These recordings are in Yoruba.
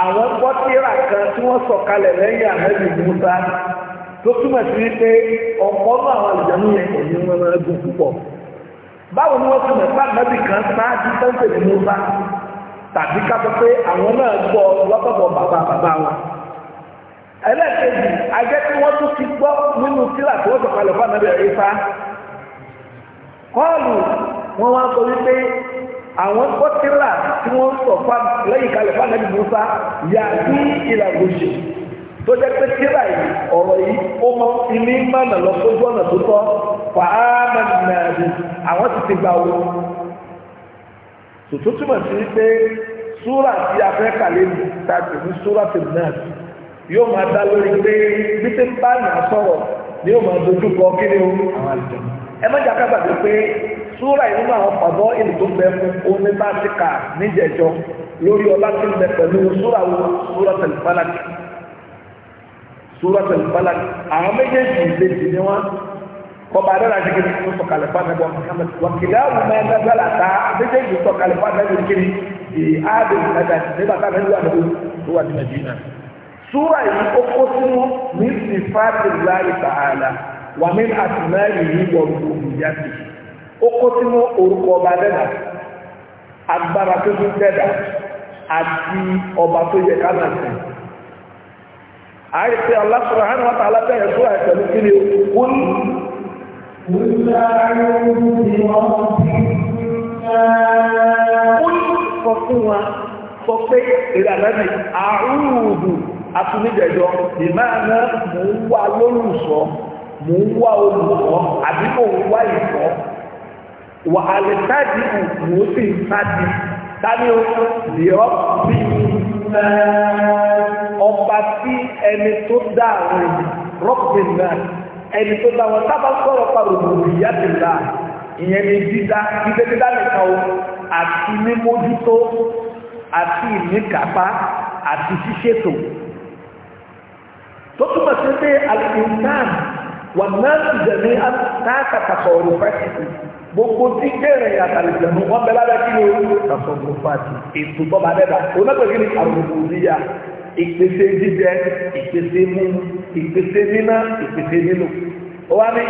àwọn gbọ́tíra kan tí wọ́n sọ̀kalẹ̀ lẹ́yìn àmẹ́bí Musa tó túmọ̀ sí wípé ọ̀pọ̀ náà àwọn àlùjánu yẹn kò ní wọn máa gùn púpọ̀ báwo ni wọ́n túmọ̀ sí àmẹ́bí kan sáájú sẹ́ńtẹ̀ ní Musa tàbí kápẹ́ pé àwọn náà gbọ́ lọ́tọ̀bọ̀ bàbá bàbá wọn ẹlẹ́ẹ̀kejì ajẹ́ tí wọ́n tún ti gbọ́ nínú tíra tí wọ́n sọ̀kalẹ̀ fún àmẹ́bí rẹ̀ àwọn kọ́tìrà tí wọ́n sọ fún lẹ́yìn kalẹ̀ fún anabi musa yà ní ìlà gòṣì tó jẹ́ pé tírà yìí ọ̀rọ̀ yìí ó mọ ilé mánà lọ sójú ọ̀nà tó tọ́ fàámà nàbì àwọn ti ti gbà wọ. tòtò túmọ̀ sí pé súrà tí a fẹ́ kàlẹ́ mi ta tì ní súrà tì náà yóò máa dá lórí pé bí tí bá nà sọ̀rọ̀ ni yóò máa dojú kọ kí ni ó àwọn àlùjọ ẹ má jàkà gbàgbé pé súrà ìlú àwọn pàbọ́ ìlú tó bẹ fún oní bá ti kà níjẹ̀jọ lórí ọlá tí ń bẹ pẹ̀lú súrà wo súrà tẹlifálàkì súrà tẹlifálàkì àwọn méjèèjì ìbejì ni wọn kọba adọ́la ṣe kiri tó sọ̀kalẹ̀ fún anabi muhammed wakilẹ̀ awo mẹ́ ẹ̀dẹ́gbẹ́la ta méjèèjì sọ̀kalẹ̀ fún anabi kiri di aadé nàdà nígbà tá a nàdà wà lóko tó wà ní nàìjíríà súrà wàmí àtúná yìí wọ gbogbo jáde ó kó sínú orúkọ ọba dẹ́dà agbára tó tún dẹ́dà àti ọba tó yẹ ká náà àìsí hàn ní kíni ó ní. sọ mò ń wá olùkọ́ àbí mò ń wá ìkọ́ wà àlẹ́tàdì mò ń sì ń sáàdì tani o lèrọ bí ọba tí ẹni tó dá àwọn ẹni rọ́pì náà ẹni tó dá wọn sábà sọ̀rọ̀ pàrọ̀ òbí yàtì náà ìyẹn ni dídá dídá nìkan o àti mímójútó àti ìníkàpá àti ṣíṣètò tó túmọ̀ sí pé àlùkò náà wà náà ti dẹ̀mí àtàkà kàtọ̀ọ̀rù fásitì gbogbo tí kéré àtàlìjẹ̀mú wọn bẹ lábẹ́ kí ló kàtọ̀ọ̀rù fásitì ètò bọ́ba dẹ́ba onágbègbè ní àrùkù níyà ìpèsè jíjẹ ìpèsè mú ìpèsè níná ìpèsè nílò wọ́n ní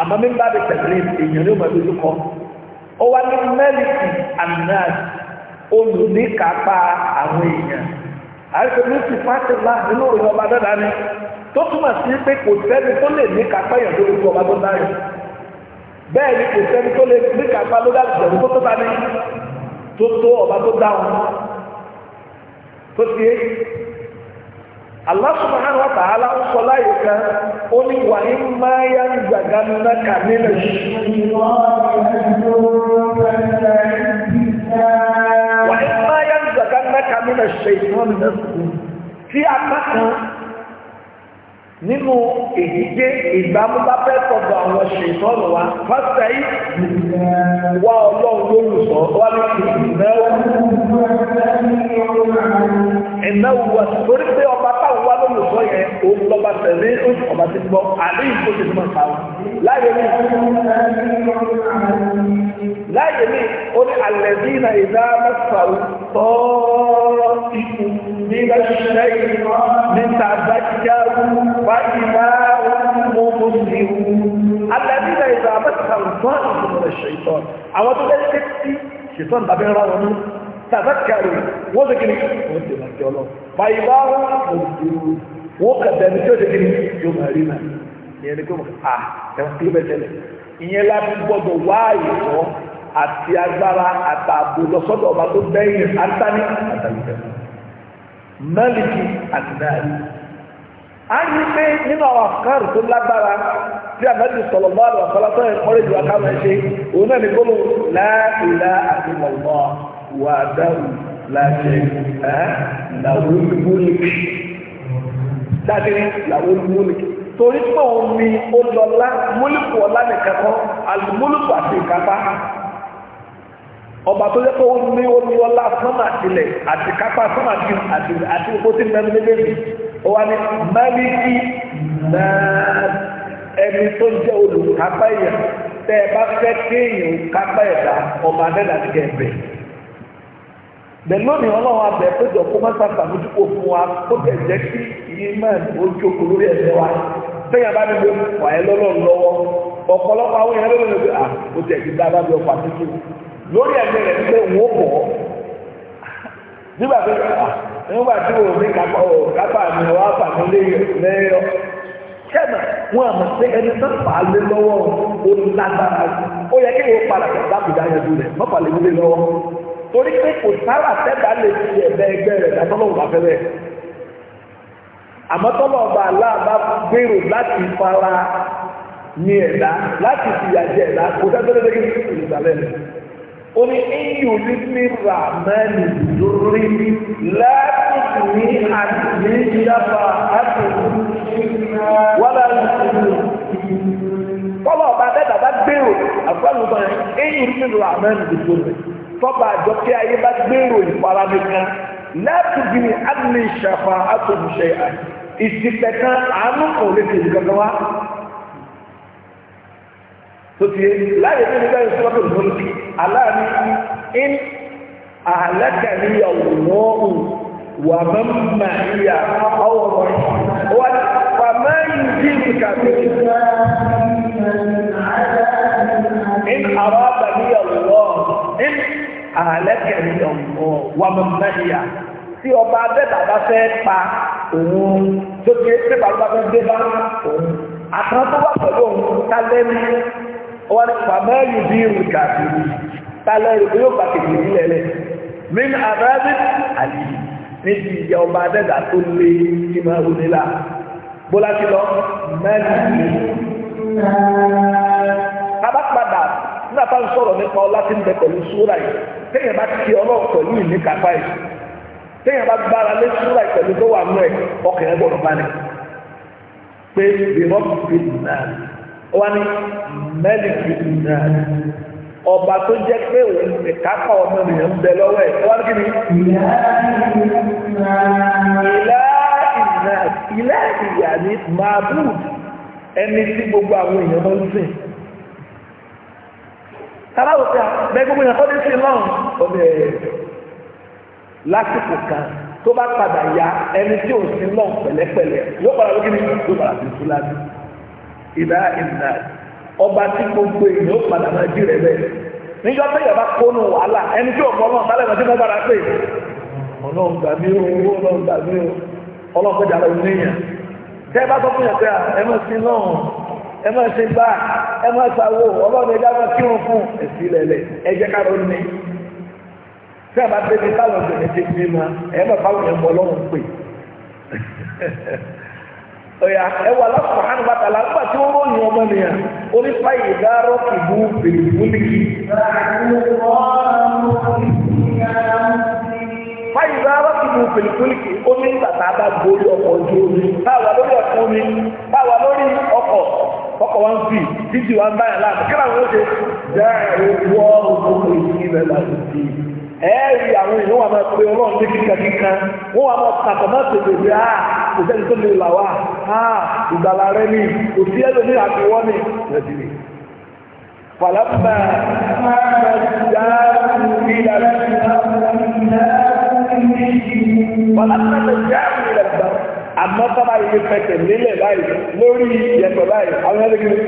àmọ́ mi ń bá mi tẹ̀lé èèyàn ní ọmọ ìlú kọ́ ọ wá ní mẹ́lìkì àmì náà olùníkàpá àwọn èèyàn àìsàn ló ti fásitì ńlá nínú òròyìn ọba dáadáa ni tó túmọ̀ sí pé kò sẹ́ni tó lè níkàpá èèyàn lórí ikú ọba tó dáyọ̀ bẹ́ẹ̀ ni kò sẹ́ni tó lè níkàpá lórí àgbẹ̀rù tó tó bá ní tó tó ọba tó dáhùn tó ti yé Allah subhanahu wa ta'ala ń sọ láyé kan ó ní wà ní máa ń gbàgbá nínú kàmínà yìí nínú ṣe ìwọ́n nínú sùkúù tí apá kan nínú èdíje ìgbàmú bá fẹ́ sọ̀dọ̀ àwọn wa pásítà yìí wá ọlọ́run lórúkọ wá ní ìnáwó ìnáwó wà torí pé òun lọ́ba tẹ̀lé oṣù ọba ti gbọ́ àdéhùn tó ti mọ̀ ta wọn. láyé mi láyé mi ó ní alẹ́ bí na ìdá mẹ́sàrú tọ́ọ̀rọ̀ ikú nígbà ṣẹ́ ìlú níta dájáwó wá ìlà mú mú sí wú. alẹ́ bí na ìdá mẹ́sàrú tọ́ọ̀rọ̀ ikú nígbà ṣẹ́ ìtọ́ àwọn tó bẹ́ẹ̀ ṣe tí ṣètọ́ ìtàbí ń wọ́n kà bẹ̀rẹ̀ tí ó dẹ̀kẹ́ ní yóò máa rí náà ìyẹn ni kò mọ̀ à ẹ̀wọ̀n kí ló bẹ̀ tẹ́lẹ̀ ìyẹn láti gbọ́dọ̀ wá ìtọ́ àti agbára àtààbò lọ́sọ́dọ̀ ọba tó bẹ́yìn àtàní àtàlùfẹ́ mẹ́lìkì àtìdáàrí a ní pé nínú àwọn àkàrù tó lágbára tí àmẹ́lì sọ̀rọ̀ bá àwọn àfọlátọ́ ẹ̀ kọ́lé ìjọba ká máa òun náà ní gbọ́dọ̀ láìlá àti mọ̀lọ́ wà láṣẹ ẹ̀ làwọn olùkọ́ dáadéé làwọn olùmúlùkì torí pé òun ni ó lọlá múlùkù ọlá nìkan kan àlùmúlùkù àti ìkápá ọba tó yẹ kó ó ní ó ní ọlá sọ́mà tilẹ̀ àti kápá sọ́mà ti àti àti kó tí mẹ́rin méjèèjì ó wá ní mẹ́lìkì náà ẹni tó jẹ́ olùkápá èèyàn tẹ́ ẹ bá fẹ́ kéèyàn kápá ẹ̀dá ọba adẹ́dàdìgẹ̀ bẹ̀rẹ̀. lẹ́lọ́nì ọlọ́run abẹ péjọ kó má sáfà mójúkó fún wa kó tẹ̀ jẹ́ kí iye máa ó jókòó lórí ẹ̀sẹ̀ wa sẹ́yìn abá nílò wà ẹ́ lọ́wọ́ ọ̀pọ̀lọpọ̀ àwọn èèyàn lọ́wọ́ tẹ̀ ọkọ̀ lórí rẹ̀ pé bọ̀ ọ́ nígbà tó nígbà tí o ní kápá o kápá mi wá fà mí ya kẹ́mà lọ́wọ́ torí pé kò sára lè fi ẹ̀bẹ̀ ẹgbẹ́ rẹ̀ látọ́lọ́ wà fẹ́rẹ́ àmọ́ tọ́lọ́ ọba aláàbá gbèrò láti fara ní ẹ̀dá láti fìyà ẹ̀dá kò rẹ̀ ó ní iyù lórí láti ní àdìní ìyáfa tọ́lọ́ ọba gbèrò àgbàlùbọ̀n lórí tọ́ba àjọkẹ́ ayé bá gbèrò ìfarami kan láti bí ní adìní ìṣàfà àtòmùṣe ìsìnkẹ kan àánú kò lè fi ìdí kankan wá. tó ti yé láyé ní nígbà yẹn sọ́kọ̀ tó lórí aláàánú in àhàlákà ní ìyàwó wà mọ́mà ìyà ọ̀wọ̀ wà pàmò ìdí ìkàtó. in àwọn àbàmì ìyàwó in àlẹ́kẹ̀ ní ọ̀gbọ̀ wàmọ̀mọ́lẹ́yà tí ọba abẹ́ta bá fẹ́ pa òun tó ti ṣe bàbá fẹ́ gbé bá òun àtàn tó wà pẹ̀lú òun tálẹ́ ní wọn ni pàmẹ́lì bí irun kàbìrì tálẹ́ ìlú yóò pàtàkì nílẹ̀ lẹ̀ min àbẹ́bí àlì níbi ìyá ọba abẹ́ta tó lé kí máa wọlé la bọ́lá ti lọ mẹ́rin kábàpadà nígbà tá a ń sọ̀rọ̀ nípa ọlá tí ń bẹ pẹ̀lú súrà yìí. téèyàn bá ti ọlọ́run pẹ̀lú ìníkàfà yìí téèyàn bá gbára lé súrà ìpẹ̀lú tó wà mú ẹ̀ ọkàn ẹ̀ gbọ́dọ̀ bá ní. pé bìrọ̀ fi náà wá ní mẹ́lì fi náà ọba tó jẹ́ pé òun ìkápá ọmọ ènìyàn ń bẹ lọ́wọ́ ẹ̀ wá kí ni. ìlà ìlà ìlà ìyá màbúù ẹni tí gbogbo àwọn èèyàn máa ń sáláwò sí àbẹ gbogbo yẹn kọ́ni sí lọ́hùn ọbẹ̀ lásìkò kan tó bá padà ya ẹni tí ò sí lọ́hùn pẹ̀lẹ́pẹ̀lẹ́ yóò padà lókè ní yóò padà sí fúlàní ìdá ìdá ọba tí gbogbo èèyàn ó padà máa jí rẹ bẹ́ẹ̀ níjọ́ pé yàrá kónú wàhálà ẹni tí ò mọ́ náà sálẹ̀ mọ́tí mọ́gbàrá pé ọlọ́run gbà mí o ọlọ́run gbà mí o ọlọ́run gbẹ̀dẹ̀ àlọ́ ẹ máa ṣe bá ẹ máa ṣàwò ọlọ́run ẹja máa kí wọn fún ẹ̀sìn ní tí a bá débi táwọn ọ̀gbìn ti fi ma ẹ máa báwọn ẹmọ ọlọ́run pè ọ̀yà ẹwà lọ́sùn hàn tí wọ́n ròyìn ọmọ nìyà ìbú bá gbórí ọkọ̀ ojú omi báwa lórí ọkọ̀ omi báwa lórí ọkọ̀ wá ń fi títí wá ń báyà láàmú kí làwọn oṣù jẹ́ ìwọ òkú ìsìn ilẹ̀ làbùtì ẹ̀ẹ́rì àwọn èèyàn wà máa pe ọlọ́run ní kíkà kíkà wọ́n wà máa kàtọ̀ máa tètè bí a ah, kò sẹ́ni tó lè là wá a ah, ìgbàlá rẹ ni kò sí ẹlòmí àtiwọ́ ni nàìjírí. Fàlámbà máa dá ìlànà ìlànà ìlànà ìlànà ìlànà àmọ́ sábà yìí fẹsẹ̀ lélẹ̀ báyìí lórí ìyẹ̀pẹ̀ báyìí àwọn ẹlẹ́gbẹ̀ẹ́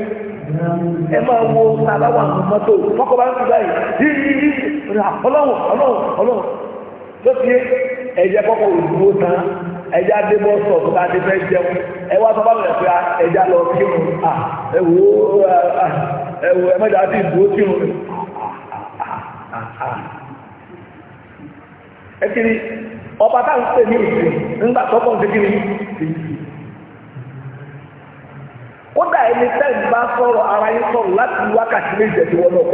ẹ máa wo sábàwà mọ́tò mọ́kọ̀ bá ń fi báyìí yíyí yíyí ọlọ́run ọlọ́run ọlọ́run ló fi ẹ̀jẹ̀ kọ́kọ́ òdúró tán ẹ̀jẹ̀ adébọ̀ sọ̀ tó bá dé fẹ́ jẹun ẹ wá sọ báwọn ẹ̀fẹ́ ẹ̀jẹ̀ lọ kí mu à ẹ wò ó ẹ wò ẹ mẹ́ta ti dúró kí mu ẹ kiri ọba tá ń pè ní ìsìn nígbà tó kọ́ ń segin ní kódà ẹni tẹ́ẹ̀ bá sọ̀rọ̀ ara yín sọ̀rọ̀ láti wákàtí méjì ẹ̀dí wọn náà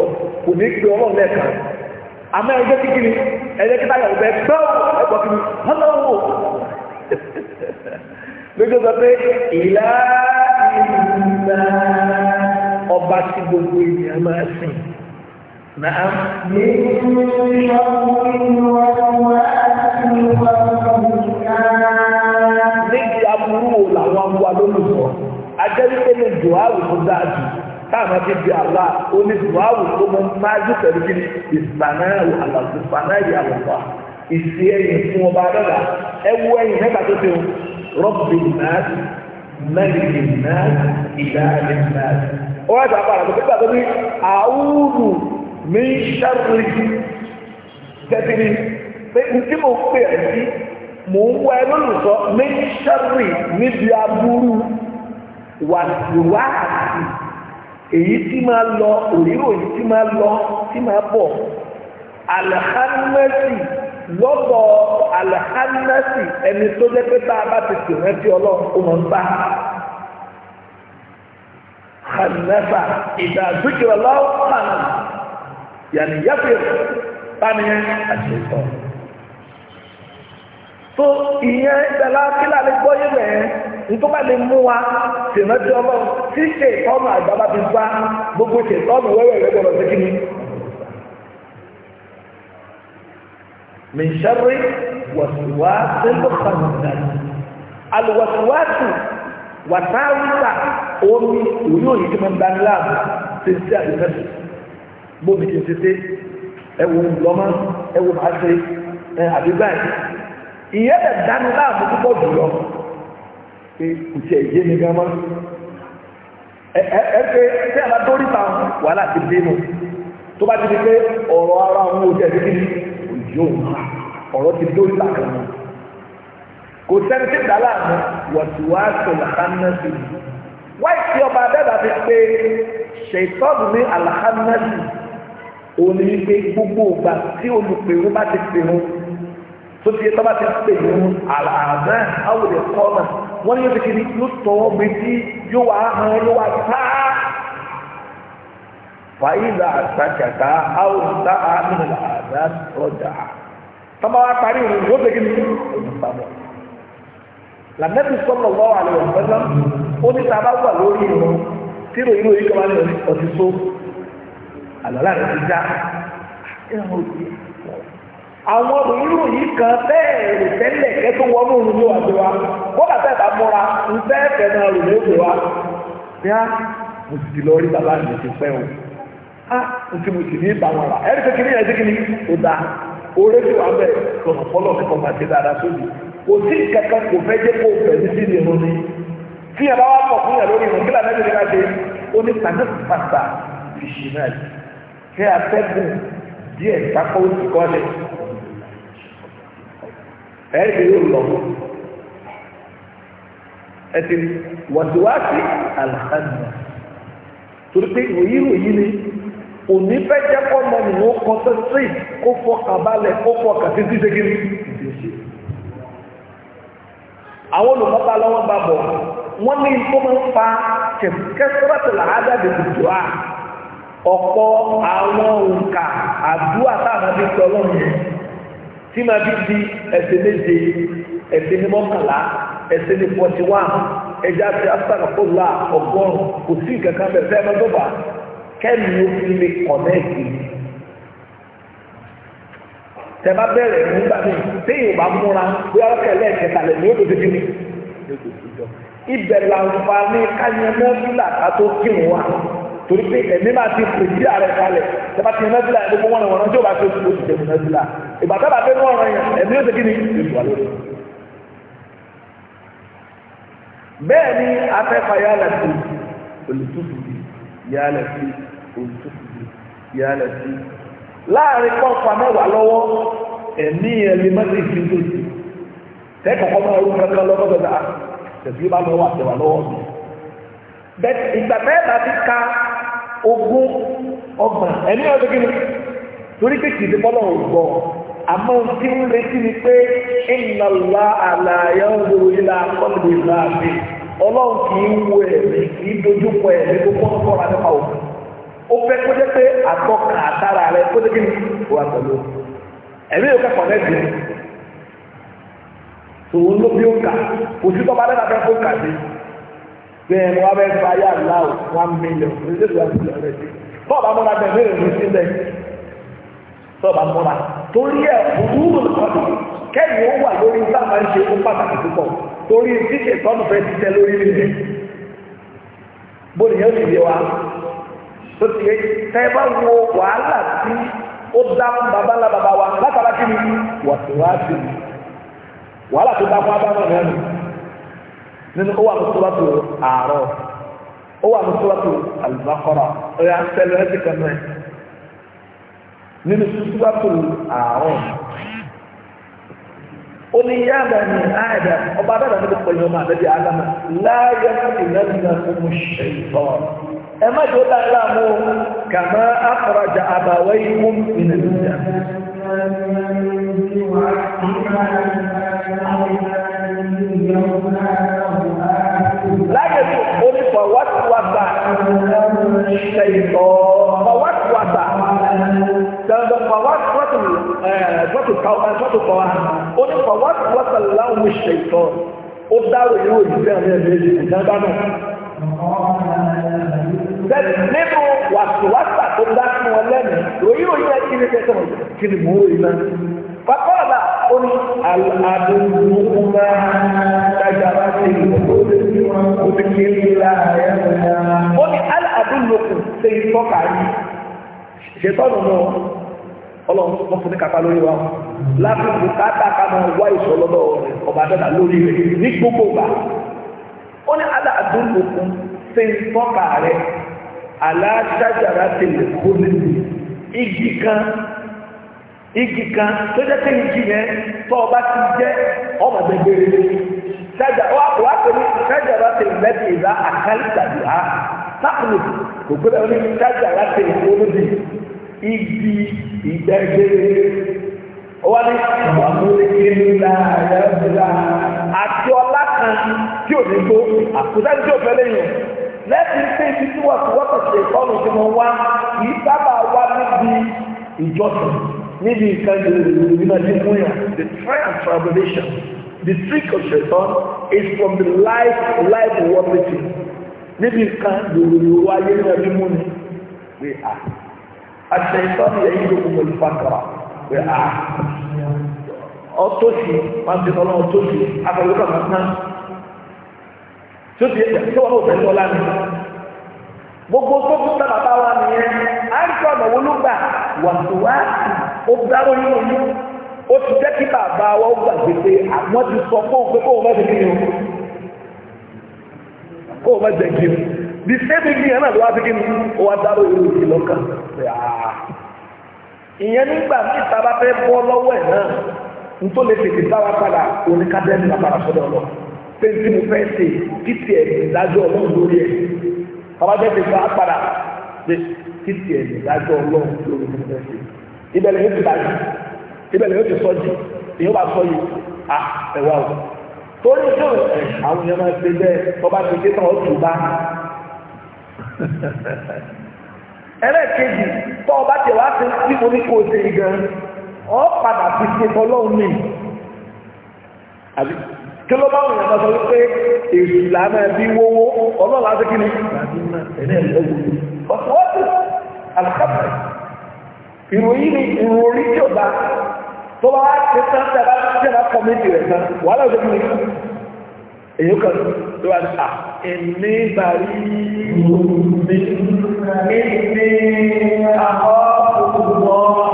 kò ní pe ọlọ́run lẹ́ẹ̀kan àmọ́ ẹgbẹ́ kíkiri ẹ̀yẹ kíta yà ọ̀bẹ gbọ́ ẹ̀gbọ́n kiri hánàwó lójú sọ pé ìlà ìlú ọba tí gbogbo ènìyàn máa sìn. نعم من níbi aburú làwọn abuwa lólùfọ́ ajẹ́wípé ní duhawu tó dáa jù ti di àlá ó ní duhawu tó mọ májú pẹ̀lú kí ni ìsìlámáyàwó àlàfo ìsìlámáyàwó àlàfo ìsì ẹ̀yìn fún ọba dọ́là ẹwú ẹ̀yìn mẹ́ta tó ti rọ́bì náà mẹ́lìkì náà ìdáàlì náà. ó wá sábà àlàfo pípa tó ní àwùrù mi ṣàrùrí tẹ́tìrí pé tí mo pè ẹ̀ sí mò ń wá ẹnu lùsọ mi ṣàrùrí níbi aburú wàtúwà àti èyí tí máa lọ òrírò yìí tí máa lọ tí máa bọ̀ alhamdulilayi lọ́dọ̀ alhamdulilayi ẹni tó jẹ́ pé tá bá ti rántí ọlọ́run kó máa ń bá hanafa ìdàdúkìrọ̀ lọ́wọ́ hanafa. yẹni yẹ́pẹ̀ báni àṣetọ̀ tó ìyẹn ìdàlá kílà lè gbọ́ yé bẹ́ẹ̀ nítorí bá lè mú wa tèmẹ́tì ọmọ tí ṣe ìtọ́nù àgbàlá ti fa gbogbo ṣe ìtọ́nù wẹ́wẹ́wẹ́ gbọ́dọ̀ sí kíni. min sharri wasuwasin khannas alwasuwasu wasawisa omi òyìnbó yìí máa ń dání bóbi kí n ṣe ṣe ẹwù lọ́mọ ẹwù máa ṣe ẹ àdúgbà yìí ìyẹn lè dánú láàmú púpọ̀ jùlọ pé kò tiẹ̀ yé mi gan mọ́ ẹ ẹ pé tí a bá dórí ta wàhálà ti dé nù tó bá ti di pé ọ̀rọ̀ ara àwọn ojú ẹ̀ kékeré òjò ọ̀rọ̀ ti dórí ta kan mọ́ kò sẹ́ni tí dàlá àná wọ̀tíwáṣọ làkánnáṣì wáyé tí ọba adẹ́dàá ti pé ṣètọ́ọ̀bù ní àlàkánnáṣì òun ni wípé gbogbo ìgbà tí olùpèrú bá ti pèrú tó ti tọ́ bá ti pèrú àlàáfẹ́ àwòrán kọ́nà wọ́n ní yóò ti kiri yóò tọ́ méjì yóò wá hàn yóò wá tá a. fàyílà àtàkàtà àwòrán àmì àdá rọjà tọ́ba wa parí òun yóò tẹ́ kiri olùpàmọ́. lànàbí sọ́nà lọ́wọ́ àlẹ́ òun fẹ́ lọ́n ó ní sábà wà lórí ìrún tí ìròyìn òyìnbó máa ń lọ sí àlọ́lá rẹ̀ ti já àwọn òyìnbó yìí kan bẹ́ẹ̀ rò tẹ́lẹ̀ kẹ́tọ́ wọnú òun ló wà pé wa kódà bẹ́ẹ̀ bá múra ń bẹ́ẹ̀ fẹ́ náà rò lóògbé wa bí a mo sì lọ rí bàbá mi ti pẹ́ o a n tí mo sì ní ìbáwọn ra ẹ̀rí pé kìnìyàn ṣe kìnìyàn ó da oore tó wà bẹ́ẹ̀ tọ̀nà fọlọ́ mi kọ́ máa ṣe dáadáa sóbì kò sí kankan kò fẹ́ jẹ́ kó fẹ́ ní sílẹ̀ ìrún ni fíyàn bá wà pọ̀ fún lórí ìrún kí fẹ́ atẹ́gùn díẹ̀ sápọ̀ òsì kọ́lẹ̀ ẹ̀ẹ́dì yóò lọ ẹ̀tì wàdíwáàsì àlàkànnà torí pé ìròyìn ìròyìn ni òní fẹ́ jẹ́ kọ́ mọ nínú kọ́tọ́ sí kó fọ kàbálẹ̀ kó fọ kàtí sí ṣégiri àwọn olùkọ́ta lọ́wọ́ gbàgbọ́ wọ́n ní tó máa ń fa kẹsìkẹsìkẹsì làádá dèbò jù á ọ̀pọ̀ àwọn òǹkà àdúrà táwọn fi sọ lọ́nà tí máa fi di ẹsẹ̀ méje ẹsẹ̀ ní mọ́kànlá ẹsẹ̀ ní forty one ẹja ti asàkà fọlá ọgọ́rùn kò sí kankan bẹ́ẹ̀ fẹ́ẹ́ mọ́tò bá kẹ́mi ó fi lè kọ̀nẹ́ẹ̀tì tẹ̀bá bẹ̀rẹ̀ nígbà míì téèyàn bá múra bóyá ọ̀kẹ́lẹ̀ ẹ̀kẹta lẹ̀ ní ó dodo kí ni ibẹ̀ làǹfààní kányẹ́mọ́ fúlà ká tó kírun wa torí pé ẹ̀mí máa ti pèsè ààrẹ kalẹ̀ tẹ́bà ti ẹ̀mí ẹ̀dúlà ẹ̀dúgbò wọn wọn tí ó bá tó ti oṣù tẹ̀mí ẹ̀dúlà ìgbà tábà fẹ́ wọn rìn ẹ̀mí ó ti kí ni ìwà lórí. bẹ́ẹ̀ ni afẹ́fà yálẹ̀ sí olùtúfùdì yálẹ̀ sí olùtúfùdì yálẹ̀ sí. láàrin pọ́ǹpà mẹ́wàá lọ́wọ́ ẹ̀mí ẹ̀mí má ti fi tó ti tẹ́kọ̀ọ́ máa rú kankan lọ́wọ́ bẹ́ẹ̀ ìgbà ti ka ogún ọgbà ẹni ọdún kí ni torí pé kìí na ògbọ́ àmọ́ tí ń retí ni pé ìnàlá àlàyé ọ̀rọ̀ ilà akọ́lù ìlà ọlọ́run kì wo ẹ̀mí kì í dojúkọ ẹ̀mí tó kọ́ kọ́ra nípa òkú ó fẹ́ kó jẹ́ pé àtàrà kó jẹ́ wà pẹ̀lú ẹ̀mí yóò kẹ́kọ̀ọ́ ló bí ó kà bá bẹ́ẹ̀ wọ́n bẹ fa one million ní ṣe wọ́n ti lọ rẹ̀ sí. bọ́ọ̀bù amúra bẹ́ẹ̀ bẹ́ẹ̀ ló ti lẹ̀ bọ́ọ̀bù amúra torí ẹ̀ òwúrò kọ́ni kẹ́yìn ó wà lórí sábà ń ṣe fún pàtàkì púpọ̀ torí ṣíṣe tọ́nù fẹ́ ti tẹ lórí rẹ̀ bóni yẹn ti yẹ wa tó ti yẹ tẹ́ bá wo wàhálà ó wa látara nínú ó wà ní sọ́wọ́tò àárọ̀ ó wà ní sọ́wọ́tò àlùbákọ́rà ó yà sẹ́lẹ̀ ẹ́sì kan náà nínú sọ́wọ́tò àárọ̀ ó ní yá bẹ̀rẹ̀ ní àyàdà ọba dáadáa níbi pẹ̀lú ọmọ àbẹ́bí alámà láàyè láti lẹ́nu ọmọ ṣèyítọ́ ẹ má jẹ́ ó dá láàmú kàmá àfọ̀rajà àbàwẹ́ ikú ìnìyàn. láyé tó o ní fọwọ́tìwàgbà ṣe ìtọ́ fọwọ́tìwàgbà dandan fọwọ́tìwàtò fọtò kọ́ ha o ní fọwọ́tìwàgbà láwọn ṣe ìtọ́ ó dárò ìwé ìfẹ́ rẹ̀ méjì ìjọba náà. Bẹ́ẹ̀ni nínú wàtìwàgbà tó dá fún wọn lẹ́nu, ròyìn òyìn ẹ̀kí ni kẹ́kọ̀ọ́ kiri mú òyìn náà. Bàbá ọ̀la ó ní àdúgbò máa dájára sí òkèlélá ẹ̀rọ ó ní àdúgbò ṣe ìtọ́ka yìí ṣètọ́nù náà ọlọ́run wọ́n fún ní wa lábùkù káàtà ká máa wá ìṣọlọ́dọ̀ rẹ̀ ọba dọ́là lórí rẹ̀ ní gbogbo ìgbà ó igi kan igi kan tó jẹ́ pé igi yẹn tó ọba ti jẹ́ ọmọ gbẹgbẹrẹ sájà wà wà pẹ̀lú sájà wà pẹ̀lú lẹ́bi ìlà àkàlìtàbí ha sápùlù kò gbé wọn ní sájà wà pẹ̀lú olódì igi ìgbẹ́gbẹ́rẹ́ wọ́n ní wàmúlẹ́kẹ́ ńlá yẹ́nbílá àti ọlá kan tí ò ní gbó àkùsáyé tí ò fẹ́ lẹ́yìn lẹ́bi pé ibi tí wọ́n ti wọ́tọ̀ ṣe ìkọ́nù tí wọ́n wá kì í sábà wá níbi ìjọsìn níbi ìkájú ìrìnàjí múyà the trial and tribulation the trick of Satan is from the life life warpity níbi ìkájú ìrìnàjí ayé ìrìnàjí múni pé à àṣẹ ìtọ́nù yẹ yíyó gbogbo ìfàkàrà pé à ọtọ́sí pàṣẹtọ́lá ọtọ́sí akọ̀lùkọ̀ kankan tí ó ti yẹ kí wọ́n fẹ́ tọ́lá ni gbogbo tó kú sábà bá wà nìyẹn àìsàn ọ̀nà wọlúgbà wàtúwàtì ó dáró nínú yìí ó ti jẹ́ kí bàbá wa ó gbàgbé pé àwọn ti sọ fún òun pé kó o má ti kí ni o kó o má jẹ kí ni the same thing yẹn náà ló wá sí kí ni ó wá dáró irú yìí lọ́kàn ìyẹn nígbà tí ìtaba fẹ́ bọ́ lọ́wọ́ ẹ̀ náà nítorí tètè báwa padà oníkádẹ́nu àpàrà sọ́dọ̀ ọ̀lọ́ pé tí mo fẹ́ ṣe kí tiẹ̀ ìdájọ́ ọlọ́run lórí ẹ̀ bàbá jẹ́ ti fa apàdà pé kí tiẹ̀ ìdájọ́ ọlọ́run lórí mo fẹ́ ṣe ìbẹ̀lẹ̀ yóò ti bàjẹ́ ìbẹ̀lẹ̀ yóò ti sọ́jì ìyóò bá sọ yìí à ẹ̀wà o torí tó ẹ̀ àwọn èèyàn máa ṣe bẹ́ẹ̀ ọba ti ké tán ó tù bá ẹlẹ́ẹ̀kejì tó ọba tẹ̀ wá sí tí mo ní kó o ṣe gan ọ padà ti ṣe tọ́lọ́run mi àbí kí ló bá wùyàn lọ sọ wípé èsì làánà bí wówó ọlọ́run á ṣe kí ni ẹ̀ẹ́dẹ́gbẹ̀rún ọ̀sán ọ̀sán àlùkàbẹ̀rẹ̀ ìròyìn ni ìròyìn orí tí ò bá tó bá ti tán tẹ́lá tẹ́lá kọ́mẹ́tì rẹ̀ tán wàhálà òjò mi èyí kan tó wà ní à ẹ̀mí bàrí mi ẹ̀mí àhọ́ òkùnkùn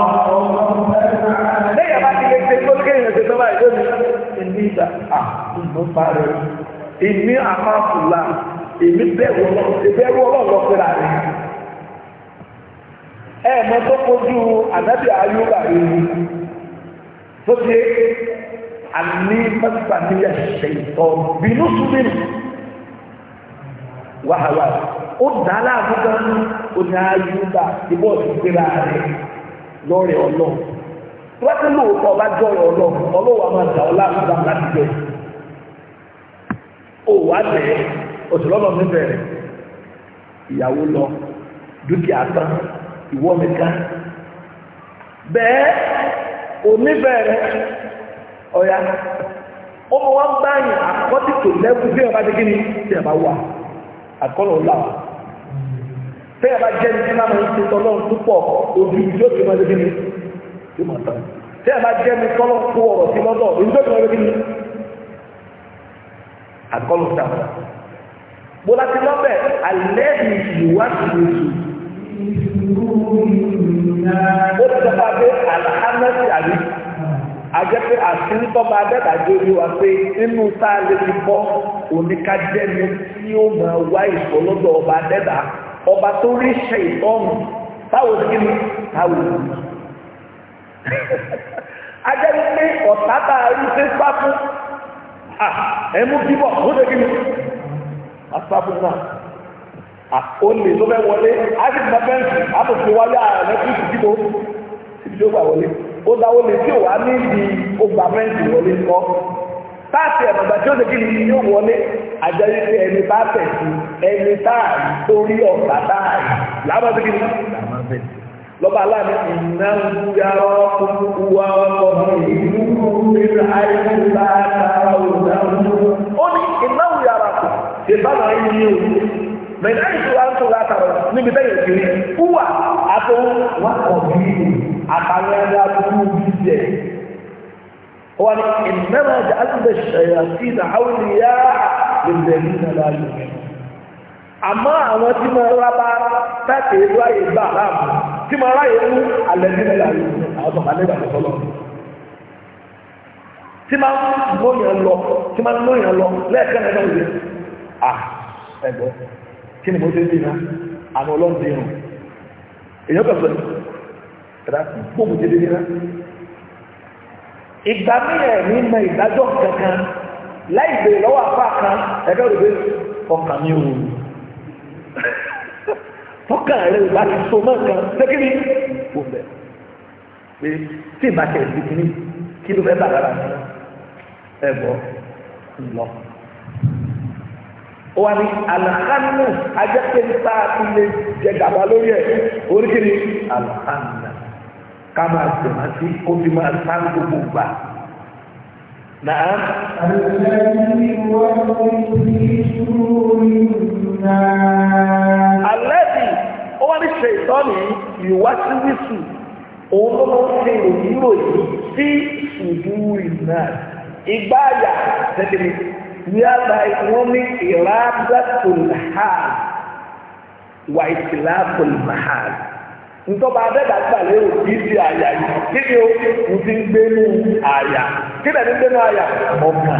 àhọ́ lẹ́yìn àbá ti lè ṣe tó kéyìn ẹ̀ṣẹ̀ tó báyìí lónìí ẹ̀mí ìgbà à ló bá rẹ̀ ẹ̀mí àhọ́ àfùlà ẹ̀mí bẹ́ẹ̀ wọ́n lọ́pẹ́ra rẹ̀. ẹ̀ẹ̀mọ́ tó kojú ànábì ayúbà ewu tó ṣe àní mọ́tìpàdéyà ṣètò bínú súnmínú wàhálà ó dá láàbù gan ó ní ayúbà ìbọ̀ ìgbéra rẹ̀ lọ́rẹ̀ ọlọ́ tó bá ti lóòótọ́ ọba jọ̀rọ̀ ọlọ́ ọlọ́wà máa dà ọ́ láàbù láti jẹ ó wà òṣèlú ìyàwó lọ dúkìá tán ìwọ nìkan bẹ́ẹ̀ oníbẹ̀rẹ̀ ọ̀yà ọmọ wa bá yàn àkọ́tì tó lẹ́kùn bí ọba jẹ́kí ni tí a bá wà àkọ́lọ̀ ọ̀la wa tí a bá jẹ́ ní sílá máa ń ṣe tọ́lọ́ púpọ̀ ojú ìjọ tí ó máa jẹ́kí ni tí ó máa tán tí a bá jẹ́ ní tọ́lọ́ kó ọ̀rọ̀ sí lọ́dọ̀ ìjọ tí ó máa jẹ́kí ni àkọ́lọ̀ ọ̀la bó láti lọ́bẹ̀ alẹ́ ìwádìí ó ti sọ́kà pé alhamdulilayi àbí ajẹ́pẹ́ àtúntọ́ba yìí wá pé tá a lè bọ́ oníkájẹ́nu tí ó máa wá ìfọlọ́dọ̀ ọba ọba tó rí ṣe ìtọ́nù táwọn ni ní. ajẹ́pẹ́ pé ọ̀tá a rí ṣe sáfún ẹ̀mú bíbọ̀ ó lè kí ni àkólè ah, ló fẹ́ wọlé àti ìgbà fẹ́ǹsì àtòkè wáyà ẹ̀lẹ́tíríkì dìbò síbi tó gbà wọlé ó dá olè tí ò wá níbi ọgbà fẹ́ǹsì wọlé kọ́ táàtì ẹ̀bàgbà tí ó ṣe kí ni yóò wọlé àjẹrí pé ẹni bá tẹ̀sí ẹni táàrí torí ọ̀gá táàrí làwọn ṣe kí ni làwọn bẹ̀ lọ́ba aláàmì ìná ìyàrá ọkùnrin ọkọ̀ ìlú ìlú àìsíta ara òun náà ó ní ìná ìyàrá kò ṣe bá náà yín ní òun bẹ́ẹ̀ náà ìṣòro àtúntò látàrọ níbi bẹ́ẹ̀ yóò kiri wúwà àtò wọn kọ bíi àtàwọn ẹni àtúntò bíi jẹ. wọn ìnáwó jẹ àtúntò ṣẹyà sí ìdá àwọn ìyá ìbẹ̀rù náà láàyò àmọ́ àwọn tí mo rábà tàkì ìlú ayé gbà láàmú na mo ráyè mú alẹ́ nílẹ̀ láàyò àwọn bàbá nígbà tó lọ tí máa ń lóyún lọ tí máa ń lóyún lọ lẹ́ẹ̀kan náà lóye kí ni mo dé bí náà àmì ọlọ́run bí irun èèyàn bẹ̀rẹ̀ pẹ̀lú ẹ̀dá gbóòmù dé bí náà ìgbà mílẹ̀ ní mọ ìdájọ́ kankan láì béèrè lọ́wọ́ apá kan ẹgbẹ́ òdòdó ọkàn mi ò tọ́kàn rẹ̀ ìgbà ti so mọ́ kan sékìlì kò bẹ̀ pé tí ìbákẹ́ ìdí kí ló fẹ́ bàbá rà ní ẹ̀bọ̀ ńlọ wà ní alhanu ajẹ́pẹ́ntà ilé jẹgàba lórí ẹ̀ oríkìrí alhanu ká máa tẹ̀má sí kó fi máa sá gbogbo gbà. Nàá. Àlẹ́bí ó wá ní ṣe ìtọ́ni ìwáṣíwísù òun ló ló ń ṣe ìròyìn ìròyìn sí ìdúró ìnáà. Ìgbáàyà tẹ́tẹ́rẹ́. whereby women iradatul hal wa itilaful mahal ntọ́ba abẹ́dà gbà lérò kìí di àyà yìí kíni o kò ti ń gbénu àyà kíni ẹni aya àyà ọkà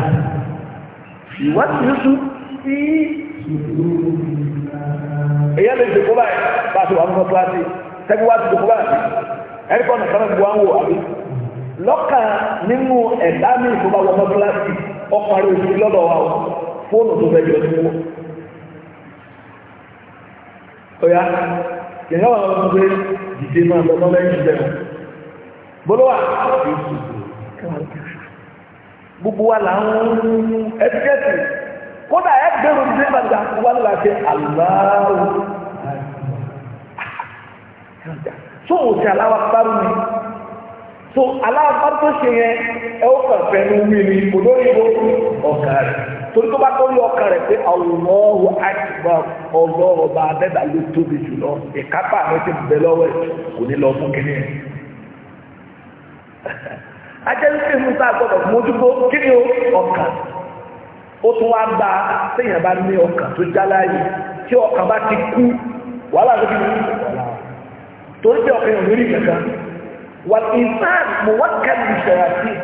ìwà tìṣu sí èyí ẹni ìdòkó báyìí bá a ti wà nínú kíláàsì tẹ́gbẹ́ wá ti ẹni na mi ọparí oṣù lọ́dọ̀ wa o fóònù tó fẹ́ jọ sí wọn. ọ̀yà ìyá wà lọ́wọ́ pé dìde máa lọ lọ́lẹ́ ìṣẹ̀lẹ̀ wọn. bọ́lọ́wà gbogbo wa là ń ẹtíkẹ́tì kódà ẹ gbèrò ní sẹ́yìn wà láti aláwọ̀ tó o ti aláwọ̀ pàrọ̀ mi tó aláwọ̀ pàrọ̀ tó ṣe yẹn. ẹ ó kàn olóyìnbó ọ̀gá rẹ̀ torí tó bá tó lé ọkàn rẹ̀ pé Allahu Akbar ọlọ́rọ̀ bá abẹ́dà ló tóbi jùlọ ìkápá mi ti bẹ̀ lọ́wọ́ ẹ̀ kò ní lọ fún kínní ẹ̀. gbọ́dọ̀ kínní ó tún wá téèyàn bá ní tó tí bá ti kú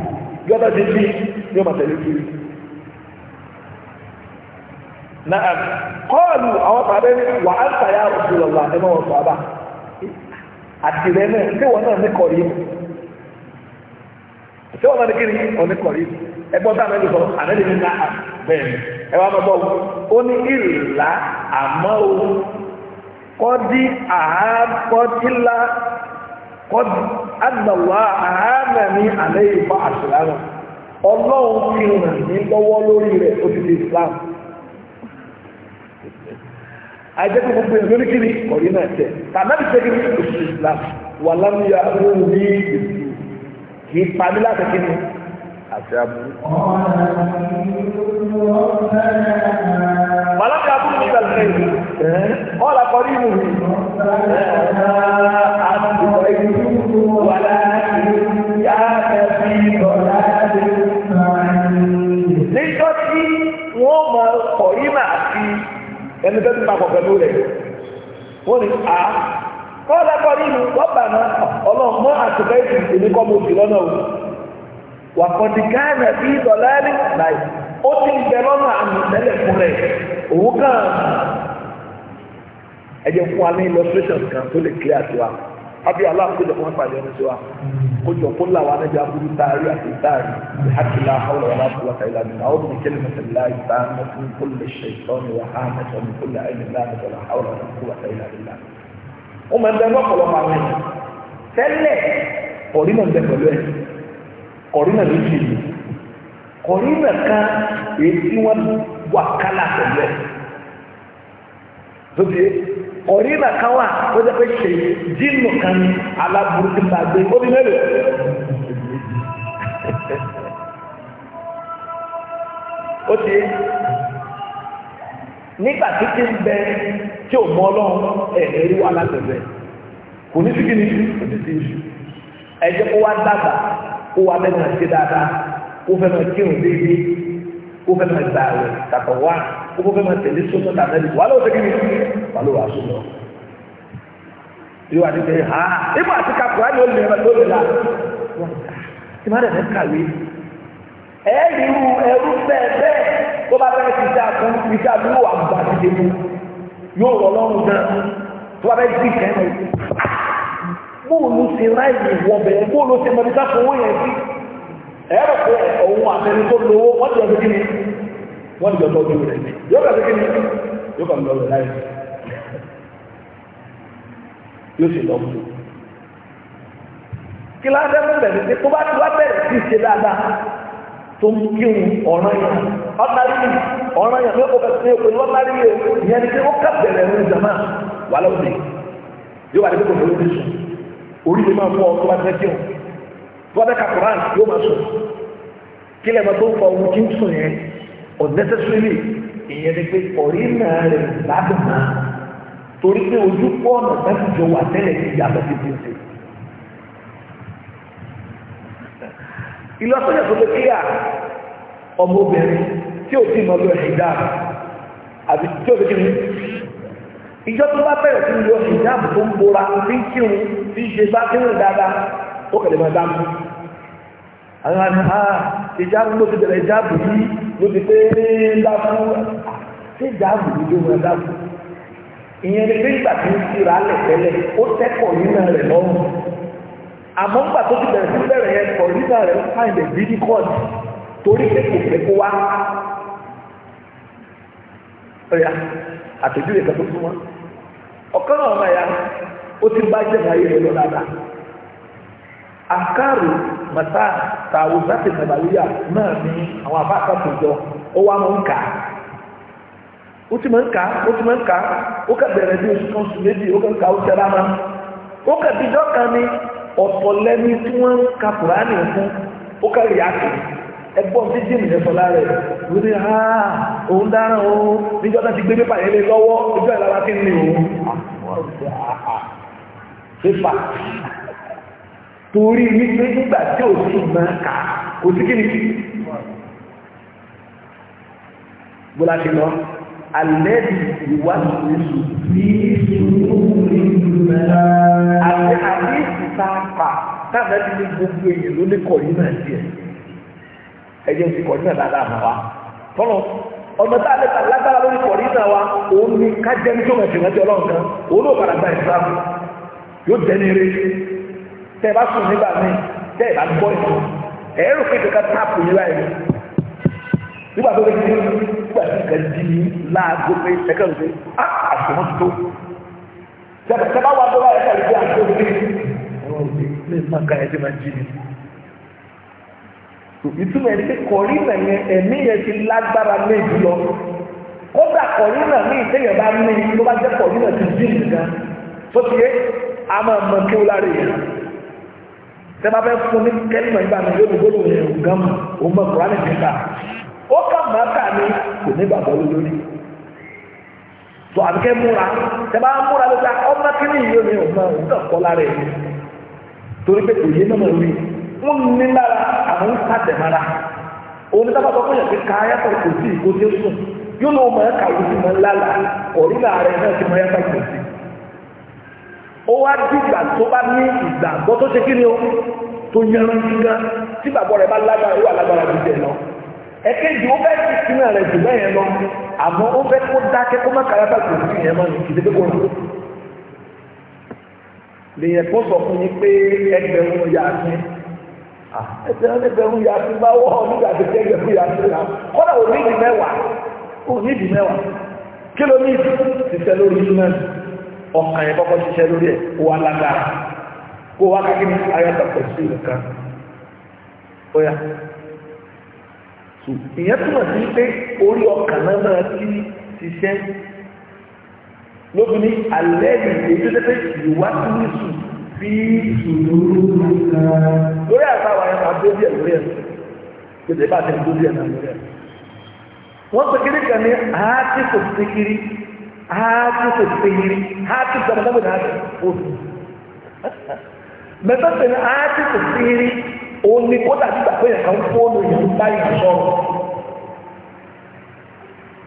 gbọ́dọ̀ ti bí yóò máa tẹ̀lé kiri náà kọ́ọ̀lù àwọn pàdé ní wà á sàyà Rasulullah ẹ̀mọ́ wọn sọ àbá àtìrẹ́ náà ṣé wọn náà ní kọ̀rí ṣé wọn náà ní kiri wọn ní kọ̀rí ẹgbọ́n tá a sọ àmẹ́lẹ̀ ní náà bẹ́ẹ̀ ẹ máa bọ̀ ó ní ìlà àmọ́ o kọ́dí àhákọ́dílá قد أن الله أعانني عليه مع السلامة ọlọ́run fi ràn mí lọ́wọ́ lórí rẹ̀ ó ti di islam àjẹkù gbogbo ẹ̀ lórí kiri ọ̀rí náà tẹ̀ tàbí sẹ́kiri ó ti di islam wà lámúyà lóhùn ní ìlú kì í pa mí láti kí ni àti aburú. wàlámúyà lóhùn ní ìlú ọ̀là kọrí ìlú mi. ẹni tó ti papọ̀ pẹ̀lú rẹ̀ wọ́n ní a wọ́n lẹ́kọ̀ọ́ nínú wọ́pà náà ọlọ́run mọ́ àtúbẹ́ èmi kọ́ mo sì lọ́nà o wà kọ́ni gáànà bí dọ̀lẹ́rì láì ó ti ń bẹ lọ́nà àmì tẹ́lẹ̀ fún rẹ̀ òun kàn ẹ jẹ́ fún wa ní illustration kan tó lè clear tiwa abi aláàfin lè fún pàdé ẹni tó wa kó jọ kó làwọn anabi aburú taari àti taari hakilá hawlá wàlá kúwàtà ilà nínú àwọn ọdún kẹlẹ mẹsàlá ìta mẹsàn kó lè ṣe ìtọ́ni wà á mẹsàn kó lè ẹni lá mẹsàn hawlá wàlá kúwàtà ilà nínú. ó máa ń bẹ lọ́pọ̀lọpọ̀ àwọn ẹ̀yìn tẹ́lẹ̀ kọ̀rí náà ń bẹ pẹ̀lú ẹ̀ kọ̀rí náà ló ti lù kọ̀rí náà kan èyí tí wọ́n wà kálá pẹ̀lú ẹ̀ ọ̀rí ìgbà kan wà ó jẹ́ pé ṣe jíìmù kan aláburúkú tá a gbé ó ti nígbà tí bẹ tí ò mọ ọlọ́run ẹ̀rẹ́ rí wà kò ní sí kíni kò ní sí iṣu ẹ jẹ́ kó wá dàgbà kó wá bẹ́ẹ̀ máa dáadáa tó kó fẹ́ máa tẹ̀lé sọ́tọ̀ tàbí ẹni wà lóò tẹ́kí ni wà lóò wà sọ́tọ̀ yóò wá ní pé ha ibà àti kakura ni ó lè rẹ lórí la ah, tí má dẹ̀ fẹ́ kàwé ẹ̀ẹ́dì irú ẹrú bẹ́ẹ̀ bẹ́ẹ̀ tó bá fẹ́ ti dá fún iṣẹ́ àbúrò àgbà ti dé mu yóò rọ lọ́rùn gan tó bá fẹ́ ti kẹ́hìn bóòlù ti ráìlì wọ̀bẹ̀ bóòlù ti mọ̀ nípa fowó yẹn sí ẹ̀rọ pé òun àtẹnudó lówó wọ́n ti ọdún wọ́n jọ tọ́jú rẹ̀ yóò kà sí kí ni yóò kà ń lọ rẹ̀ láì yóò sì lọ fún un. kí ló ń dẹ́kun bẹ̀rẹ̀ sí tó bá tó bá bẹ̀rẹ̀ sí ṣe dáadáa tó ń kírun ọ̀ràn yẹn ọ̀tàrí yìí ọ̀ràn yẹn ló kọ́ sí òpin lọ́tàrí yìí ìyẹn ni pé ó kà bẹ̀rẹ̀ ní jama wà lọ́sẹ̀ yóò wà ní kókò lórí sùn orí mi máa fọ ọ tó bá tẹ́ kírun tó bá bẹ́ ka Quran yóò máa sùn kí unnecessarily ìyẹn ni pé ọ̀rí náà rẹ̀ gbádùn náà torí pé ojú pọ̀ ọ̀nà tẹ́sí jọ wà tẹ́lẹ̀ ní ìyàtọ̀ sí bíi ìlú ọ̀sọ́jà tó kékeré à ọmọbìnrin tí ò sí ìmọ̀lú ẹ̀hìndà àbí tí ó kékeré ìjọ tó bá bẹ̀rẹ̀ sí ìlú ẹ̀hìndà àwọn àni ha ìjáàbù ló ti bẹ̀rẹ̀ ìjáàbù yìí ló ti pé ńlá fún ṣé ìjáàbù yìí ló máa dá fún ìyẹn ni pé ìgbà tí ń fira lẹ̀ tẹ́lẹ̀ ó tẹ́kọ̀ nínú rẹ̀ lọ́rùn àmọ́ ńgbà tó ti bẹ̀rẹ̀ sí bẹ̀rẹ̀ yẹn kọ̀ nínú rẹ̀ ó fà ìdẹ̀ bí díkọ̀dì torí pé kò fẹ́ kó wá ọ̀yà àtẹ̀jú rẹ̀ kẹ́tọ́ fún wa ọ̀kan náà ọmọ ẹ̀yà ó ti bá jẹ̀ mẹ́ta tààwù láti nàbàwíyà náà ní àwọn àbáta tó jọ ó wá máa ń kà á ó ti máa ń kà á ó ti máa ń kà á ó kà bẹ̀rẹ̀ bí oṣù kan oṣù méjì ó kà ń kà ó tẹ́lá máa ó kà bí dọ́kan ni ọ̀tọ̀ lẹ́ni tí wọ́n ka kùránì fún ó kà rí àtò ẹgbọ́n tí jìnnì rẹ̀ fọlá rẹ̀ ló ní ha òun dára o níjọ́ náà ti gbé pépà yẹn lé lọ́wọ́ ìjọ ìlara kí ni òun pépà torí wípé nígbà tí ò sí máa kà kò sí kí ni bóla ṣe lọ alẹ́bí ìwádìí sí ìṣòro ìlúmọ̀lá àti àti ìta pa táwọn ẹbí ní gbogbo èèyàn ló ní kọ̀rí náà díẹ̀ ẹjẹ́ ti kọ̀rí náà dáadáa mọ́ wa tọ́lọ̀ ọmọ tá a lè ta lágbára lórí kọ̀rí náà wa òun ni ká jẹ́ ní tó mẹ̀sìn ọlọ́run kan òun ló padà gba ìsáàmù yóò jẹ́ ní eré tẹ ẹ bá sùn nígbà míì tẹ ẹ bá gbọ́ ẹ̀ ẹ̀ ẹ̀ rò pé kankan táàpù yìí láì ní nígbà tó kékeré nígbà tí nǹkan di ní láago pé ẹ̀kẹ́ ló dé á ah, àṣùwọ̀n tó tẹ bá wà lọ́wọ́ ẹ̀ kàlẹ́ bí àṣùwọ̀n tó dé ọ̀rọ̀ òde lè má ka ẹ̀ tí máa jí ni ìtumọ̀ ẹni pé kọ̀rínà yẹn ẹ̀mí yẹn ti lágbára méjì lọ kódà kọ̀rínà míì téèyàn bá ní tó bá jẹ́ kọ̀rínà ti dín nìkan tó ti yé a máa mọ kí ó lára yẹn tẹ́lá bẹ́ fún ní kẹ́lìmọ̀ ìgbà mi yóò dùgbò lóye nǹkan mọ̀ ó mọ̀ kúránì níta ó kà máa kà ní kò ní gbàgbọ́ lórí tó àbíkẹ́ múra tẹ́lá múra ló ta ọmọ kínní yóò ní ọmọ òǹkà kọ́lá rẹ̀ torí pé òye náà rí wọn ní lára àwọn ń sàtẹ̀mára onídàbàbọ̀ fún yàtí káyà tó kò sí ìkó tó sùn yóò lọ́wọ́ mọ̀ ẹ́ kàwé sí ó wá dìgbà tó bá ní ìgbàgbọ́ tó ṣe kí ni ó tó yẹran gíga tí gbàgbọ́ rẹ̀ bá lágbára ó wà lágbára ju jẹ lọ ẹ̀kejì ó fẹ́ ti sinmi rẹ̀ jù bẹ́ẹ̀ yẹn lọ àmọ́ ó fẹ́ kó dákẹ́ kó má kára bàtò sí ìyẹn mọ́ ìdílé kó rà lèyẹn kó sọ fún yín pé ẹgbẹ̀rún yà á sí ẹgbẹ̀rún ẹgbẹ̀rún yà á sí bá wọ́ ọ nígbà tó ẹgbẹ̀rún yà á sí rà kọ́dà ò ní ìdí mẹ́wàá ò ní ìdí mẹ́wàá kí ló ní ìdí ti tẹ ọkàn yẹn kọ́kọ́ ṣiṣẹ́ lórí ẹ̀ kó wá lágbára kó wá kákí ní ayọ́tọ̀ pẹ̀lú sí nǹkan ó yá ìyẹn túmọ̀ sí pé orí ọkàn náà náà ti ṣiṣẹ́ lóbìnrin alẹ́ ìdè tó tẹ́tẹ́ ìwá tó ní sùn sí ìṣòro lórí àtàwọn ẹ̀ka tó díẹ̀ lórí ẹ̀ tètè bá tẹ̀ tó díẹ̀ náà lórí ẹ̀ wọ́n sọ kiri kan ní àátí kò sí kiri hatu tafsiri hatu da magana hatu otu mẹ́fẹ́ sẹ́ni hatu tafsiri òun ni kó dàbí gbàgbé yẹn kan fóònù yẹn ń bá yẹn sọ̀rọ̀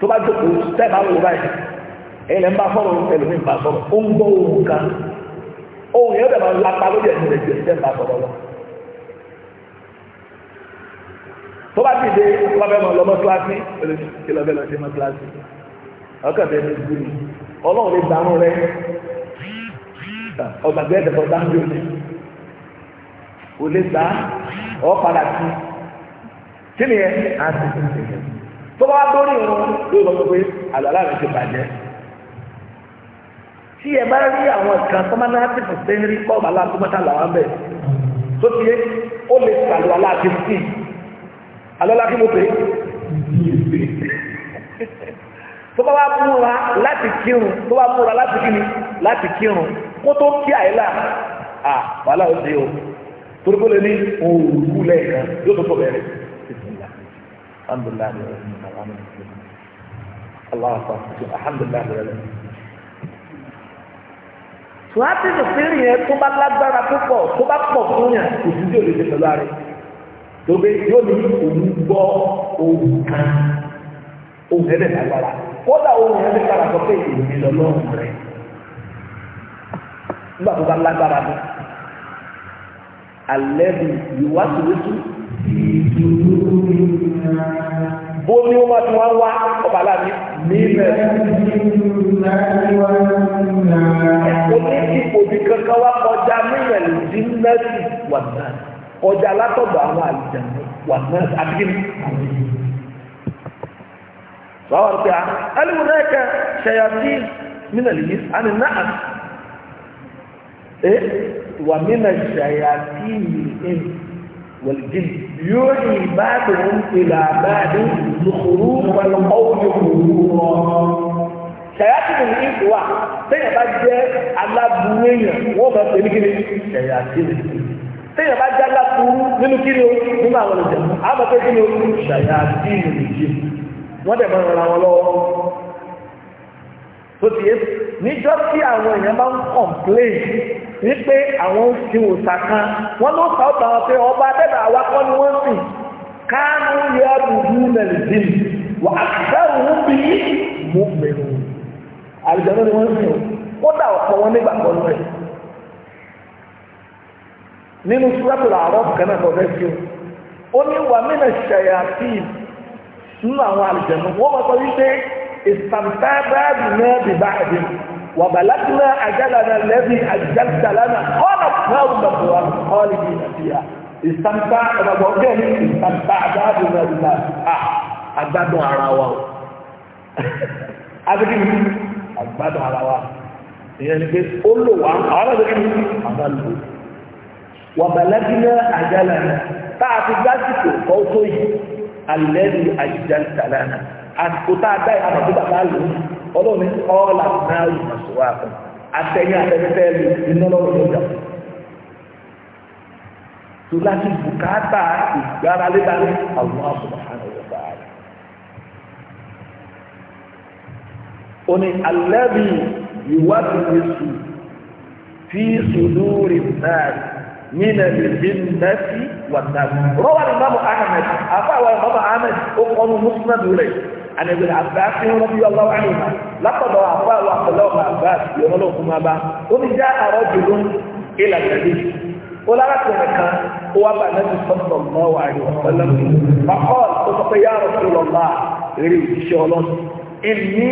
tó bá jókòó sẹ́ẹ̀bà wò báyìí ẹ̀yìn lẹ́ ń bá fọ́rọ̀ ẹlòmíì ń bá sọ̀rọ̀ ó ń gbọ́ ohun kan ohun yẹn dàbà lápá lórí ẹ̀mí rẹ̀ jẹ́ sẹ́ẹ̀bà sọ̀rọ̀ lọ. tó bá ti dé wọ́n fẹ́ mọ̀ lọ́mọ́ kíláàsì ẹlòmíì kí lọ́ọ́ fẹ́ lọ́ọ́ ọkàtẹ́ ní ìlú ni ọlọ́run lè dànù rẹ ọgbàgbé ẹ̀dẹ̀ tó dáńdé òní kò lè gbà ọ padà sí kí ni ẹ á ti fi ṣe yẹn tó bá dórí irun tó lọ sọ pé àlọ́lá rẹ ti bàjẹ́ tí ẹ bá rí àwọn kan tó máa náà ti fò sí rí kọ́ ọ̀bàlá làwọn bẹ̀ tó ti yé ó lè sàlùwàlá àti sí àlọ́lá kí mo pè é tó bá wá múra láti kírun tó bá múra láti kíni láti kírun kó tó kí àìlà à wàhálà ó dé o torí kó lè ní òòrùn lẹ́ẹ̀kan yóò tó tó bẹ̀rẹ̀ alhamdulilayi alahu akbar alhamdulilayi alhamdulilayi. Tùwátì tòfìrì yẹn tó bá lágbára púpọ̀ tó bá pọ̀ fún yàn kò sí tí o pẹ̀lú ààrẹ. Tòbí yóò ní òun gbọ́ òun kan òun ẹ̀dẹ̀ lágbára kódà ohun yẹn ti kára sọ pé èmi lọ́lọ́run rẹ̀ nígbà tó bá lágbára mi alẹ́ mi ìwà tòlótò bó ní wọ́n ti wá wá ọba láti nílẹ̀ ẹ̀kọ́ ní ipò bí kankan wá kọjá nílẹ̀ lùdí nẹ́ẹ̀sì wà náà kọjá látọ̀dọ̀ àwọn àlùjá wà náà àbí وأربعة هل هناك شياطين من الإنس عن النعم إيه ومن الشياطين الإنس والجن يوحي بعضهم إلى بعض الخروج والقول غرورا شياطين الإنس واحد تيجي بعد aláburúyàn على máa وما ní شياطين. ṣẹ̀yà kiri téèyàn bá jẹ́ aláburú nínú kiri o nínú àwọn ìjẹ̀mú àmọ́ pé kiri wọ́n dẹ̀ máa ń ra wọn lọ́wọ́ tó ti yé níjọ́ tí àwọn èèyàn bá ń complain wípé àwọn ń sin òòṣà kan wọ́n ló fà ó bá wọn pé ọba dẹ́gbà àwa kọ́ ni wọ́n sìn káánú yẹ bùbú mẹ́lìdìlì wà á bẹ̀rù ń bí mú mẹ́rù àlùjọ́nù ni wọ́n sìn kódà ọ̀pọ̀ wọn nígbà kan lọ́ẹ̀ nínú súrẹ́pù làárọ̀ kan náà kọ̀ fẹ́ sí o ó ní wàmínà ṣàyàfíì استمتعنا بما ببعد وبلغنا اجلنا الذي اجلت لنا قال النار مثواه خالدين فيها استمتعنا بما استمتعنا بما ببعد اجدوا على واو اجدوا على واو يعني بس قولوا على ذلك وبلغنا اجلنا تعطي جاتك فوقي alẹ́lu àjìjàntàlánà àsìkò tá a dá ìhà àbúrò bàbá lò ó ọlọ́run ní ọ́ọ́là náà yìí mà sọ́wọ́ àpọ̀ àtẹ̀yìn àtẹ̀fẹ́ lò iná lọ́wọ́ ló dà tó láti bùkátà ìgbára lédà ní àwọn àbúrò àná wọ ó ní alẹ́lu ìwádìí fi sùdúrì náà nínà lèbi nàfi wàtàbí. rọ́wà ní bàbá ahmed àfàwà bàbá ahmed ó kọ́nu mùsùlùmí dùlẹ̀ ànàbìlì àbáfin rọ́bì ọlọ́wọ́ àyìnbá látọ̀dọ̀ àfàwà àfọlọ́wọ́ àbá yọ̀rọ̀ lọ́kùn máa bá ó ní já àrọ́ jùlọ ìlà tẹ̀lé ó lára tẹ̀lé kan ó wá bá nàbì sọ́tọ̀ mọ́ wà ní ọ̀pọ̀lọ́ bàkọ́ọ̀l tó sọ pé yàrá tó lọ bá eré òṣìṣẹ́ ọlọ́run ìní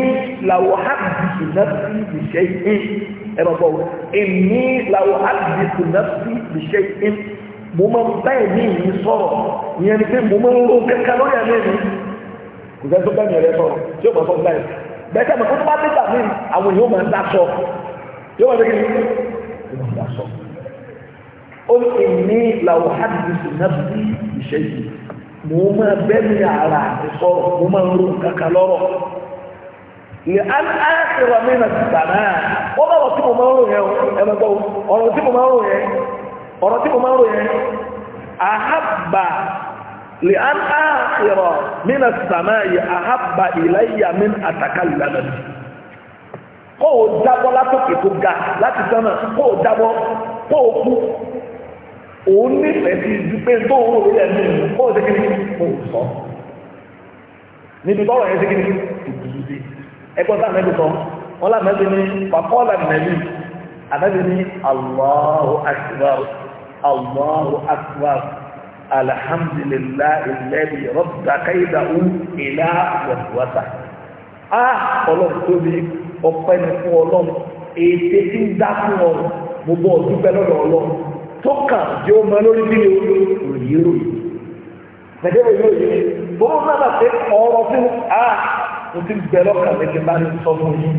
bí ṣe é mo máa ń bá ẹ̀mí mi sọ̀rọ̀ ìyẹn ni pé mo máa ń ro kẹ́kẹ́ lórí ẹ̀mí mi kò fẹ́ tó bẹ́ẹ̀ rẹ sọ̀rọ̀ tí yóò máa sọ báyìí bẹ́ẹ̀ sẹ́mi kó tó bá dẹ́gbà mí àwọn èèyàn máa ń dá sọ yóò máa dẹ́gbà mí yóò máa dá sọ. ó ní ní làwọn hádìsì náà bí ìṣe yìí mo máa bẹ́ẹ̀ni ara àti sọ̀rọ̀ mo máa ń kẹ́kẹ́ lọ́rọ̀ ìhàn áṣìrò mi nà sàmà ó bá wọ tí mo máa ń rò ọ̀rọ̀ tí mo máa ń rò yẹn ahabba lè an áàkìrọ̀ nínú sàmà yìí ahabba ìlàyà mi àtàkà ìlànà mi kó o jábọ́ látòkè tó ga láti sánà kó o jábọ́ kó o kú òun nífẹ̀ẹ́ sí dúpẹ́ tó ń rò yẹn nínú kó o ṣe kí ni mo sọ níbi bọ́ọ̀rọ̀ yẹn ṣe kí ni ẹgbọ́n sáà mẹ́bí sọ wọn láà ní pàpọ́ làmẹ́bí àmẹ́bí ní Allahu akbar. Allahu akbar alhamdulillahi alladhi radda kaydahu ila waswasah ah, á ọlọ́run tó ní ọpẹ́ ní fún ọlọ́run ètè tí ń dá fún ọrùn gbogbo ọ̀dúpẹ́ lọ́dọ̀ ọlọ́run tó kàn jẹ́ ọmọ lórí bí òyìnbó yìí pẹ̀lú yìí bọ́ọ̀ náà ṣe ọ̀rọ̀ fún a ah, mo ti bẹ lọ́kàn mi ti bá ní sọ fún yín.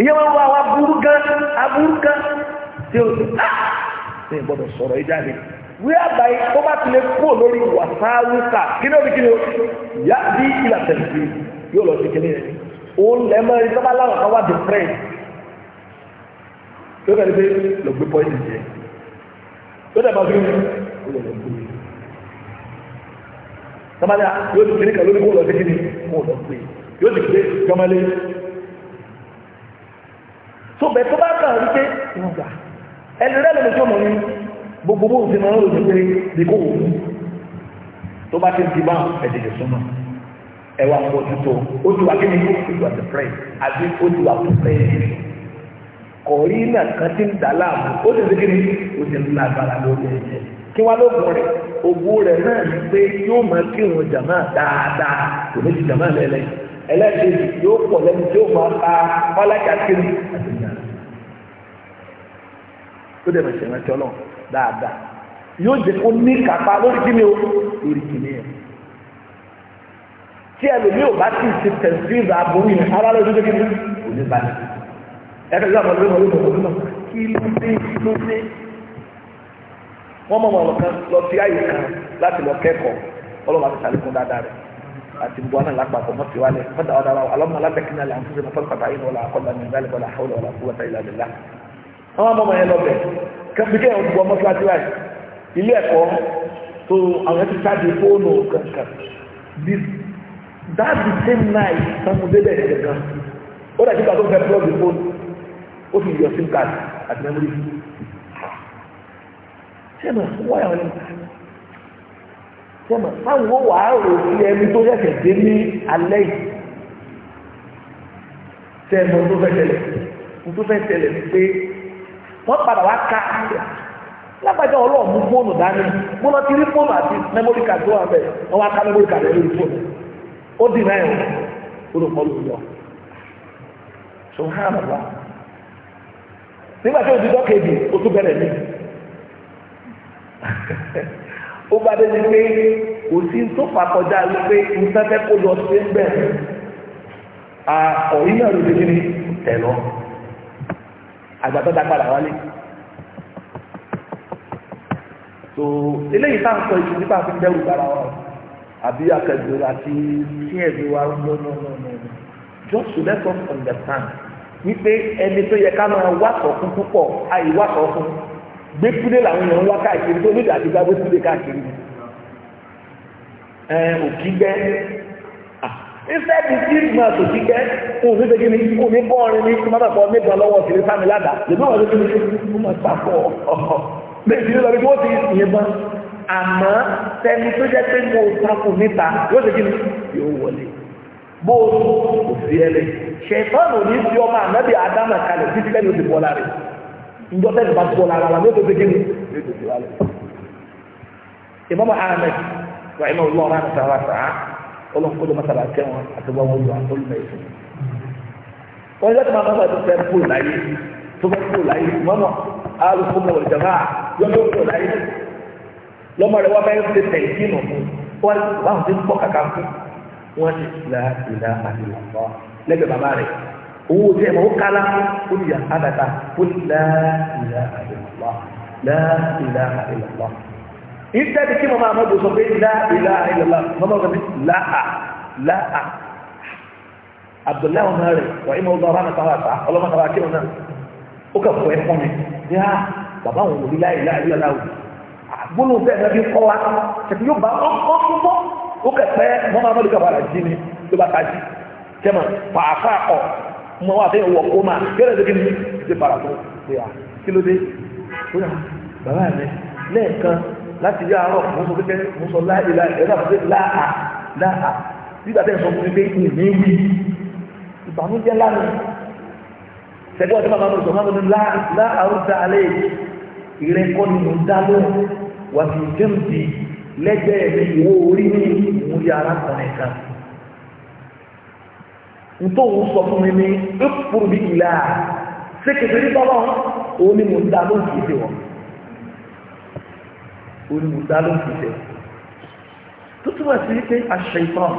ìyẹn wọn wá wa burú gan aburú gan tí o ti a ah, ní ìgbọ́dọ̀ sọ̀rọ̀ yìí jáde wíwábà yìí ó bá tilẹ̀ kúrò lórí wàsáwùsà kí ni ó fi kí ni ó yá bí ìlà tẹ̀sí yóò lọ sí kíní rẹ̀ òun lẹ́ mọ́ ẹni sábà láwọn kan wá di friend tó kẹ́ni pé lọ gbé pọ́ìntì jẹ tó dẹ̀ bá fi ó lọ lọ gbé sábàlá yóò di kíní kan kó lọ sí kíní kó lọ gbé yóò di kíní jọmọlé tó bẹ̀ tó bá kàn án wípé ìwọ̀n gbà ẹni rẹ̀ lè tó mọ̀ ní gbogbo bó ti máa ń ròyìn pé bí kò wù tó bá ti di bá ẹ̀dẹ̀dẹ̀ súnmọ́ ẹwà mójútó ó ti wà kí ni ó ti wà the prayer àbí ó ti wà to pray kọ̀rí náà kan ti ń dà láàmú ó ti ṣe kí ni ó ti ń lágbára lórí ẹ̀jẹ̀ kí wá lóògùn rẹ̀ ògùn rẹ̀ náà ni pé yóò máa kírun jàmá dáadáa kò ní ti jàmá lẹ́lẹ́ ẹlẹ́sìn yóò pọ̀ lẹ́nu tí máa ta fálákà ó dẹ̀ bẹ̀ ṣẹ̀rẹ̀ tí ọlọ́run dáadáa yóò jẹ́ kó ní kápá lórí kí ni o lórí kì ni ẹ̀ tí ẹlòmíì ò bá ti ṣe tẹ̀síìlì àbúrò yẹn ara lọ́jọ́ tó kí ni kò ní balẹ̀ ẹ̀ka ìlú àbọ̀lẹ́ ìmọ̀lẹ́ ìmọ̀lẹ́ ìmọ̀lẹ́ kí ló dé kí ló dé wọ́n mọ̀ mọ̀ lọ́kàn lọ sí àyè kan láti lọ kẹ́kọ̀ọ́ ọlọ́run àti sàlékún dáadáa rẹ̀ àti gbogbo àná lápapọ̀ mọ́ tiwa lẹ̀ fọ́dà ọ̀dà wa alọ́mọ alábẹ́kínà lẹ́ àǹfọ̀sẹ̀ mọ́fọ́lùpàtà yìí wọlé àkọ́lá ní ìbálẹ̀ wọlé àhọ́lẹ̀ wọlé àkúwọ́tà ìlàlẹ́lá àwọn ọmọ yẹn lọ́bẹ̀ kẹfìkẹ́ yẹn gbọ́ mọ́sálásí láì ilé ẹ̀kọ́ tó àwọn ti sáàdì fóònù kankan bí dáàbì same night sanwó débẹ̀ yẹn kankan ó dàbí pàtó fẹ́ plọ́ọ̀gì fóònù ó fi yọ sim card àti mẹ́mórì sẹ́mà wáyà wọn sẹ́mà táwọn ó wà á rò sí ẹni tó ṣẹ̀ṣẹ̀ dé ní alẹ́ yìí sẹ́mà tó fẹ́ tẹ̀lẹ̀ tó fẹ́ tẹ̀lẹ̀ ni pé wọ́n padà wá ká lágbàjá ọlọ́ọ̀mú fóònù dání mo lọ ti rí fóònù àti mẹ́mórì kàdó wà bẹ́ẹ̀ wọ́n wá ká mẹ́mórì kàdó lórí fóònù ó dì náà ẹ̀rọ olùkọ́ ló lọ subhanallah nígbà tí ó tún àgbàtọ́ dá padà wálé so eléyìí tá à ń sọ ìṣòro nípa àfi dẹ́rù gbára wa àbí akẹ́gbẹ́ àti tí ẹ̀gbẹ́ wa ń lọ lọ just to let us understand wípé ẹni tó yẹ ká máa wá sọ̀kún púpọ̀ àìwá sọ̀kún gbé kúlé làwọn èèyàn ń wá káàkiri tó nídìí àti gbàgbé kúlé káàkiri ẹ òkì gbẹ́ instead of six months to ti kẹ́ fún òfin gbẹ́gẹ́ ni kò ní bọ́ ọrin ní kí máa fọ mẹ́ta lọ́wọ́ sí ní sámi ládàá lèmi wọ́n lójú ní kí máa sàkọ́ ọ̀họ̀ méjì ló lọ bí wọ́n ti yìnbọn àmọ́ tẹni tó jẹ́ pé mo takò níta yóò ṣe ni yóò wọlé bóòlù kò sí ẹlẹ ṣètọ́nù ní ti ọmọ ànábì ádámà kalẹ̀ títí kẹ́ni ó ti bọ́lá rẹ̀ njọ́ tẹ́ni bá bọ́lá ara wọn yóò tó ni yóò ọlọ́run kó mọ́tàlá kẹ́ wọn àtọ́gbọ́n wọn lò àtọ́lùmọ̀ ẹ̀sìn. wọ́n yẹ́ kí máa bá tó fẹ́ kó láyé tó fẹ́ kó láyé mọ́mọ́ alùpùpù mọ̀ ìjọba yọ̀ọ́ kó láyé lọ́mọ rẹ̀ wọ́n bẹ́ẹ̀ ti tẹ̀ sí nù wọ́n báwọn ti ń pọ̀ kàkà fún wọ́n ti la ìlà àdìlọ́mọ́ lẹ́gbẹ̀ẹ́ bàbá rẹ̀ owó tí ẹ̀ mọ̀ ó kálá ó ní yà á dàtà ó la ìlà àdìlọ́mọ́ la ìlà àdìlọ́mọ́ instead kí mama amadu sọ pé la ilaha illallah mama sọ pé la'a la'a abdullahi ọmọ rẹ wà ìmọ̀ ọgbà ọba nàkàrà àtà ọlọ́mọ nàkàrà kí wọn náà ó kà fọ ẹ̀fọ́ mi ní a bàbá òun òbí la ilaha illallah gbóló fẹ́ ẹ̀ bí kọ́ wa tẹ̀sí yóò bá ọ́ fún bọ́ ó kẹ̀ pẹ́ mama pàápàá ọ̀ mọ wà fẹ́ wọ̀ kó máa kẹ́rẹ́ lókè ní ti fara tó kí ló dé bàbá mi lẹ́ẹ̀kan láti yá àárọ̀ mo sọ pé mo sọ láìlá ẹ̀rọ àti láà láà nígbà tẹ́ ẹ̀ sọ fún mi pé ìní wí ìbànújẹ́ lánàá sẹ́gbẹ́ ọ̀dọ́ bàbá mi sọ máa ń lọ láà ó dá alẹ́ ìrẹ́kọ́ ni mo dá lóhùn wà sí jẹ́mùtì lẹ́gbẹ̀ẹ́ mi ìwọ orí mi mo yà arákùnrin kan ntòun sọ fún mi ní ìpùrù bí ìlà ṣé kẹfẹ́ bọ́lá òun ni mo dá lóhùn kìí ṣe olùdá ló fi jẹ tó túmọ̀ sí pé aṣọ ìtàn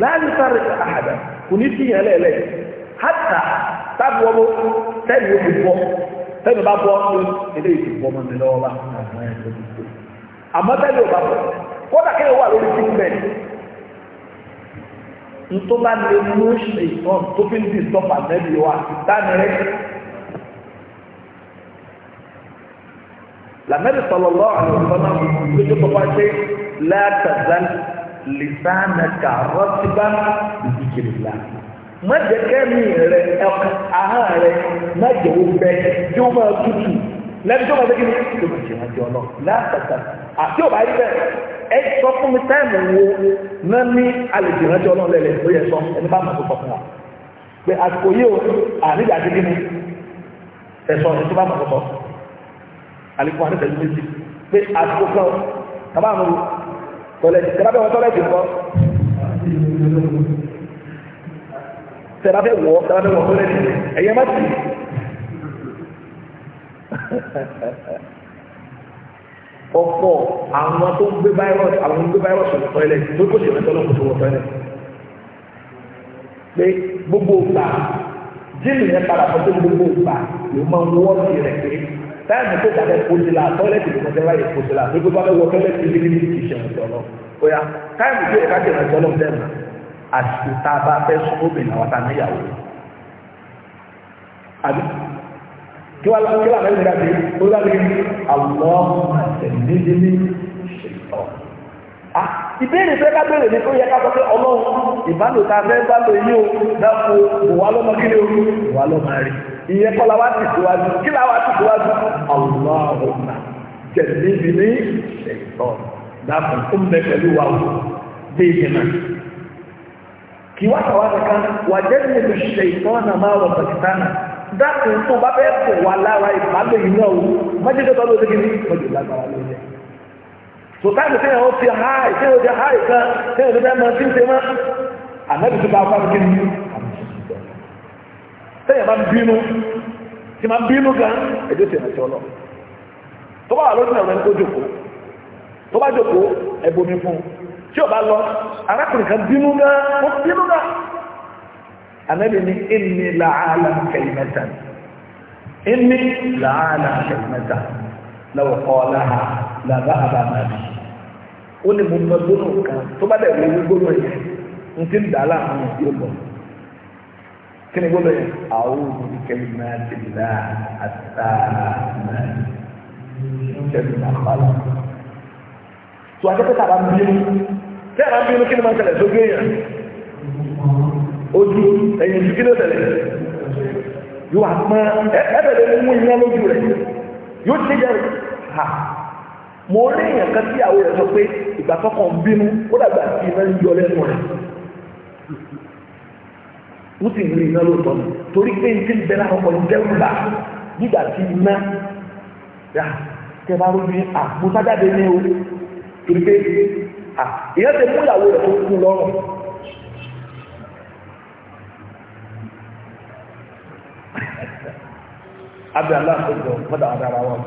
láàrin sáré àhàdà kò ní sí yẹn lẹ́ẹ̀lẹ́ hàtà tábù ọmọ tẹ́lẹ̀ yóò fi bọ́ tẹ́lẹ̀ bá bọ́ ọ́ ilé ìdìbò ọmọ mi lọ́wọ́ bá àmọ́ tẹ́lẹ̀ ò bá bọ́ kódà kí ló wà lórí fílmẹ̀tì ntoma lè mú ṣe ìtàn tó fi ń di sọ́pà nẹ́bí wa dánirẹ́ lànàbì sọlọ́lọ́ àwọn ọ̀sán lójú pọ̀pọ̀ ṣe látàzán lìsánà kà rọ́tíbá ìdíjìrìlá mọ̀jẹ̀kẹ́mi rẹ̀ ẹ̀kọ́ ahọ́n rẹ̀ mọ̀jẹ̀wò bẹ́ yóò máa tutù lẹ́nu tó máa ṣe kí ni tó máa ṣe ìrìnàjò ọ̀nà látàtà àti ọ̀bá yìí bẹ́ẹ̀ ẹ sọ fún mi táìmù wo náà àlejò ìrìnàjò ọ̀nà lẹ́lẹ̀ ó yẹ sọ ẹni bá máa tó sọ fún wa pé àsìkò yìí o àníjà ti kí ni ẹ̀sọ́ ẹni tó bá máa tó sọ fún wa àlékún àti ìtẹ̀jú méjì pé àsìkò kan kàbá College, tọ́lẹ̀tì kàbá bẹ́ẹ̀ wọ́n tọ́lẹ̀tì ńkọ́ tẹ̀lá bẹ́ẹ̀ wọ́ tẹ̀lá bẹ́ẹ̀ wọ́ tọ́lẹ̀tì ẹ̀yẹ má sì. ọ̀pọ̀ àwọn tó ń gbé báírọ̀sì àwọn ń gbé báírọ̀sì wọ̀ tọ́lẹ̀tì tó kò sì rẹ̀ tọ́lọ̀ kò tó wọ̀ tọ́lẹ̀tì pé gbogbo gbà jíìmù yẹn padà fọ́ tó gbogbo gbà ló máa ń rẹ̀ pé táìmù tó dàbẹ̀ kòtìlà tọ́lẹ̀tì ló kọjá láyè kòtìlà tó gbogbo abẹ́wọ̀ tọ́lẹ̀tì ní ní ìṣẹ̀lẹ̀ ìjọlọ bóyá táìmù tó yẹ ká jẹ̀rọ ìjọlọ dẹ́nu àti tá a bá fẹ́ sún obìnrin àwọn àtàwọn ìyàwó àbí kí wàá kí wàá lẹ́yìn dàbí ó dàbí àwọ̀ àtẹ̀lẹ́dẹ́lẹ́ ṣètọ́ ìbéèrè fẹ́ ká béèrè ní tó yẹ ká sọ pé ọlọ́run ìbálòta fẹ́ bá lò yí o dáko òwà lọ́mọ kí ni o òwà lọ́mọ rí i ìyẹn kọ́lá wa ti síwájú kí la wa ti síwájú ọlọ́ọ̀nà jẹ̀bi bi ní ṣètò dàpọ̀ tó ń bẹ pẹ̀lú wa o dé ìdènà kí wá sàwọn nìkan wà jẹ́ ní ìlú ṣètò náà máa wọ pàkìtánà dàpọ̀ tó bá bẹ́ẹ̀ kọ̀ wà lára ìbálẹ̀ yìí náà o májèlé tó lóde kìíní lójú lágbára lóde sòtáàbì tí yẹn ó fi háì tí yẹn ó jẹ háì kan tí yẹn ó jẹ mọ tí ń ṣe mọ àmọ́ ìdílé bá wà fún kí sẹ́yìn máa ń bínú tí máa ń bínú gan ẹjọ́ sì rántí ọlọ́ tó bá wà lójú ẹ̀rọ ẹni tó jókòó tó bá jókòó ẹ̀bùnmi fún tí ò bá lọ arákùnrin kan bínú gan ó bínú gan anabi ni inni la'ala kalimatan inni la'ala kalimatan law qalaha la dhahaba ma bi ó ní mo mọ gbóná kan tó bá dẹ̀ wọ́n gbóná yẹn n ti ń dà á láàmú yóò bọ̀ kí ni gbọ́dọ̀ yẹn àwọn olùkẹ́lì máa ti là àtàmà ìṣẹ́lẹ̀ náà kọ́lá. tó a kẹ́kẹ́ tàbá ń bínú tẹ́ àbá ń bínú kí ni máa ń tẹ̀lẹ̀ sókè yẹn ojú ẹ̀yìn ojú kí ló tẹ̀lẹ̀ yóò àpá ẹ̀bẹ̀rẹ̀ ló mú iná lójú rẹ̀ yóò ti jẹ́ ha mo rí èèyàn kan tí àwọn èèyàn sọ pé ìgbà kọ́kọ́ ń bínú ó dàgbà tí iná ń yọ lẹ́nu rẹ̀ ó sì rí iná lóòótọ́ mi torí pé ní bẹ́ẹ̀ ọkọ̀ ní nígbà tí iná yà tẹ bá rúbi àpò ní o torí pé à ìyẹn ti mú ìyàwó rẹ̀ tó kú lọ́rùn. عبد الله خذه وضع على رواه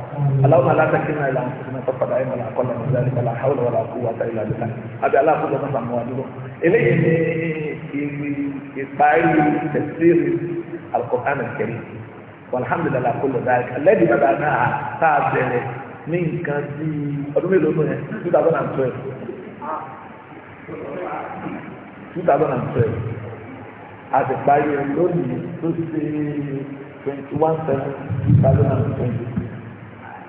اللهم لا تكلنا الى انفسنا طرفه عين ولا اقل من ذلك لا حول ولا قوه الا بالله عبد الله خذه مثلا مواجهه اليه ìparí tẹ̀síìrì alukọ̀tán kẹrin alhamdulilayi akolo dalik lẹ́yìn bàbá náà tá a bẹ̀rẹ̀ ní nǹkan bí ọdún mélòó nù yẹn two thousand and twelve two thousand and twelve àti parí lónìí tó ṣe twenty one seven two thousand and twenty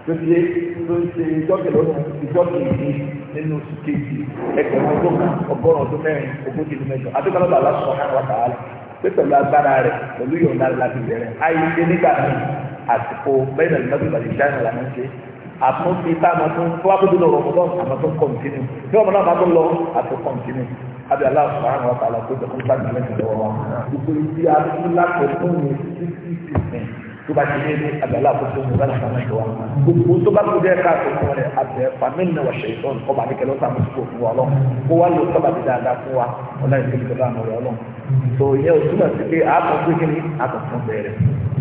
tó ṣe tó ṣe ìjọ́kẹ̀lónìí ìjọ́kẹ̀lónìí nínú oṣù kejì ẹgbẹ̀rún ọdún kan ọgọ́rùn ọdún mẹ́rin ogójì ní mẹ́jọ adúgbàlọ́gbà aláṣọ náà wà tààlà pé pẹ̀lú agbára rẹ̀ pẹ̀lú yọ̀ǹda láti bẹ̀rẹ̀ ayé nígbà náà àsìkò bẹ́ẹ̀ náà lọ́dún ìbàdí ṣáà nílànà ń ṣe àmọ́ fi tá a máa tún fún akótó lọ rọ̀mọ́ náà àmọ́ tó kọ̀ǹtínú bí ọmọ náà máa tún lọ àti kọ̀ǹtínú àbí aláàfin àwọn ọ̀tá àlàkójọ fún sáà nílẹ̀ ìlọ́wọ́ wa gbogbo ibi àti lápẹ̀ fún mi títí ìsìn tó bá ti léde abẹ́lá àkókò mu bẹ́ẹ̀ lọ́sàn-án ṣe wá gbogbo tó bá kú dẹ́ka tó fún rẹ̀ abẹ́ famílì náà wàṣẹ ìtọ́nù ọba àdékẹ́ lọ́sàn-án mo ti kó fún wa lọ kó wá lò sábà ti dáadáa fún wa ọ̀la ìdílé tó bá àmọ̀rẹ́ ọlọ́run tó yẹ o túmọ̀ sí pé àkọ́kọ́ kékeré àkọ́kọ́ bẹ̀rẹ̀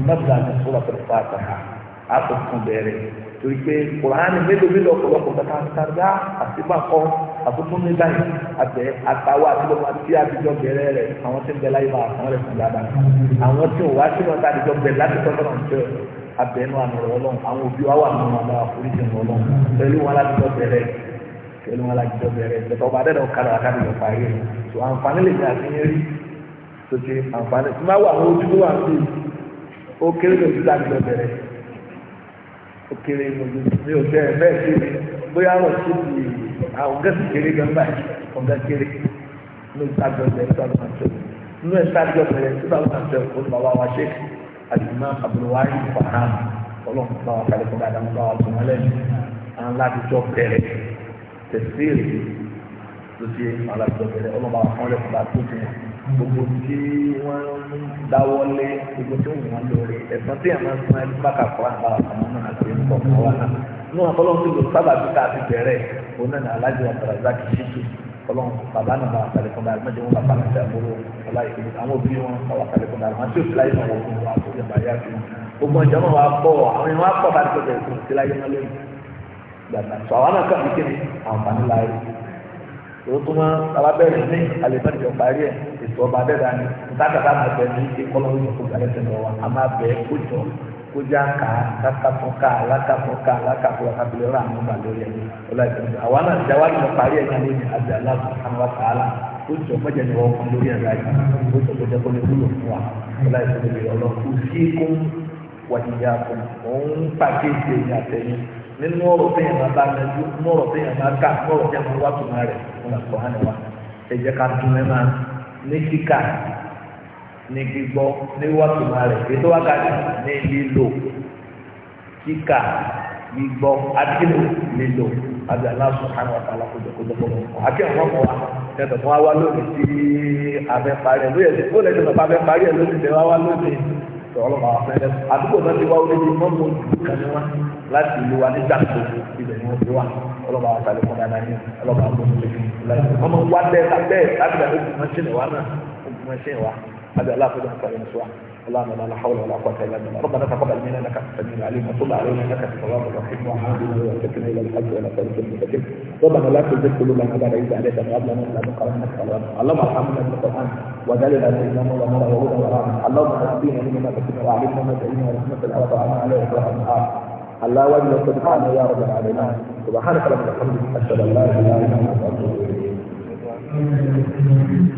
mẹ́ta ní sọ́wọ́ torí pé kùránì mélòó mélòó ọ̀pọ̀lọpọ̀ kàkàkàkà àtibákọ́ àtúntúnmí báyìí àtẹ àtàwọn àtibọ́mọ àti àtijọ́ bẹ̀rẹ̀ rẹ̀ àwọn tí ń bẹ láyé máa àwọn rẹ̀ fún dáadáa àwọn tí òwò àti wọn tàbí jọ bẹ̀rẹ̀ láti tọ́ náà jẹ́ abẹ́nú àmì ọlọ́run àwọn òbí wa wà nínú àmì àforíjì ọlọ́run pẹ̀lú wọn láti bẹ̀rẹ̀ pẹ̀lú wọn láti bẹ̀rẹ̀ lọ́tọ̀ ọba adẹ́dọ̀ kára àkàbí lọ parí rẹ̀ tó àǹfààní lè dà sí rí tó ti àǹfààní tí má wà àwọn ojú tó ó kéré lòdì láti jọ bẹ̀rẹ̀ òkèrè ìmọ̀jú mi ò tẹ́ ẹ̀ bẹ́ẹ̀ sí mi bóyá rọ̀ sí mi àwọn gẹ́sì kéré gan báyìí ọ̀gá kéré ní ìtajọ́ ẹ̀ tó àwọn àjọ nínú ìtajọ́ ẹ̀ tó àwọn àjọ olùbàwà wa ṣe àdìmọ́ àbúròwárí fàrà ọlọ́run bá wa kalẹ̀ kọ́ dáadáa bá wa tó wọn lẹ́nu àwọn aládùjọ bẹ̀rẹ̀ tẹ̀síìrì ló àwọn aládùjọ bẹ̀rẹ̀ ọlọ́run bá wa kọ́ gbogbo tí wọ́n ń dáwọ́lé gbogbo tí wọ́n lórí ẹ̀sán tí àwọn ẹ̀sán ẹni bá kàkọ́ àbá àwọn náà ti ń bọ̀ wá náà inú àkọlọ́hún ti lò sábà bí ká ti bẹ̀rẹ̀ òun náà alájọ àtàràzá kì í ṣètò kọlọ́hún bàbá náà bá àtàlẹ̀ kan báyìí mẹ́jọ wọn bàbá náà ti àbúrò aláìsí àwọn òbí wọn bàbá àtàlẹ̀ kan báyìí wọn tí ò fi láyé náà wọ fún wa kó lè bá yá sí gbogbo ìjọ náà wà pọ̀ àwọn èèyàn wà bá ti bẹ̀rẹ̀ sí láyé náà lónìí gbàgbà sọ àwọn náà kàn mí kéde àǹfààní láyé èwo tó máa sábà bẹ̀rẹ̀ ní àlẹ́fẹ́ni yọ parí ẹ̀ ètò ọba bẹ́ẹ̀dá ni ìtàkàtà máa bẹ̀ ní ìkọlọ́wọ́ yìí kó gàlẹ́ tẹ̀lé wa a máa bẹ̀ kó jọ kó já ká kákàtún ká alákàtún ká alákàtún akábílẹ̀ rà àwọn ọba lórí ẹ̀ ọlá ìtẹ̀lẹ́ àwa náà ti àwa nìyẹn parí ẹ̀ ní àlẹ́ aláàbò àwọn sàálà kó jọ mọ́jà ni wọ́n fún lórí ẹ̀ láyé kó jọ kó jẹ́ kó lè wúlò fún wa ọlá ìtẹ̀lẹ́ ọlọ́kùn sí kún wàdìyà kún òun pàkíyèsí ẹ̀yìn àtẹ̀yìn nínú ọ̀rọ̀ tẹ̀yàn máa bá yanjú nínú ọ̀rọ̀ tẹ̀yàn máa kà nínú ọ̀rọ̀ tẹ̀yàn máa wá tùmọ̀ rẹ̀ wọn là kọ́ hánà wa ẹ jẹ́ ká dùn ẹ̀ máa ní kíkà ní gbígbọ́ ní wá tùmọ̀ rẹ̀ ètò wákàtí ní lílo kíkà gbígbọ́ adínú lílo àbí aláṣọ hánà wa kàlá kó jẹ́kó jẹ́kó mọ́ àti àwọn ọmọ wa tẹ̀sán fún wa wá lónìí tí abẹ́ parí ẹ̀ lóye ó lẹ́sìn sọ ọlọ́mọ afẹ́lẹ́ àdúgbò náà ti wá orí mi mọ́ mo jù kàn ní wá láti ìlú wa nígbà tó ibẹ̀ ni wọ́n fi wá ọlọ́mọ àtàlẹ́ fún dáadáa ní ọlọ́mọ àgbọ̀nlé ọmọ wa bẹ́ẹ̀ lábẹ́ lábẹ́ àdúgbò náà ṣẹlẹ̀ wá náà ó اللهم لا حول ولا قوه الا بالله ربنا تقبل منا انك انت السميع العليم وتب علينا انك انت التواب الرحيم وعافنا واتقنا الى الحج ولا تنسى المستقيم ربنا لا تزغ قلوبنا بعد اذ هديتنا وهب لنا من لدنك رحمه اللهم ارحمنا بالقران وذللنا بالاسلام والامر وهدى ورحمه اللهم اهدنا لما تكفينا وعلمنا ما تعلمنا ورحمه الارض وعنا عليه ابراهيم الارض الله وجل سبحانه يا رب العالمين سبحانك ربنا الحمد اشهد ان لا اله الا انت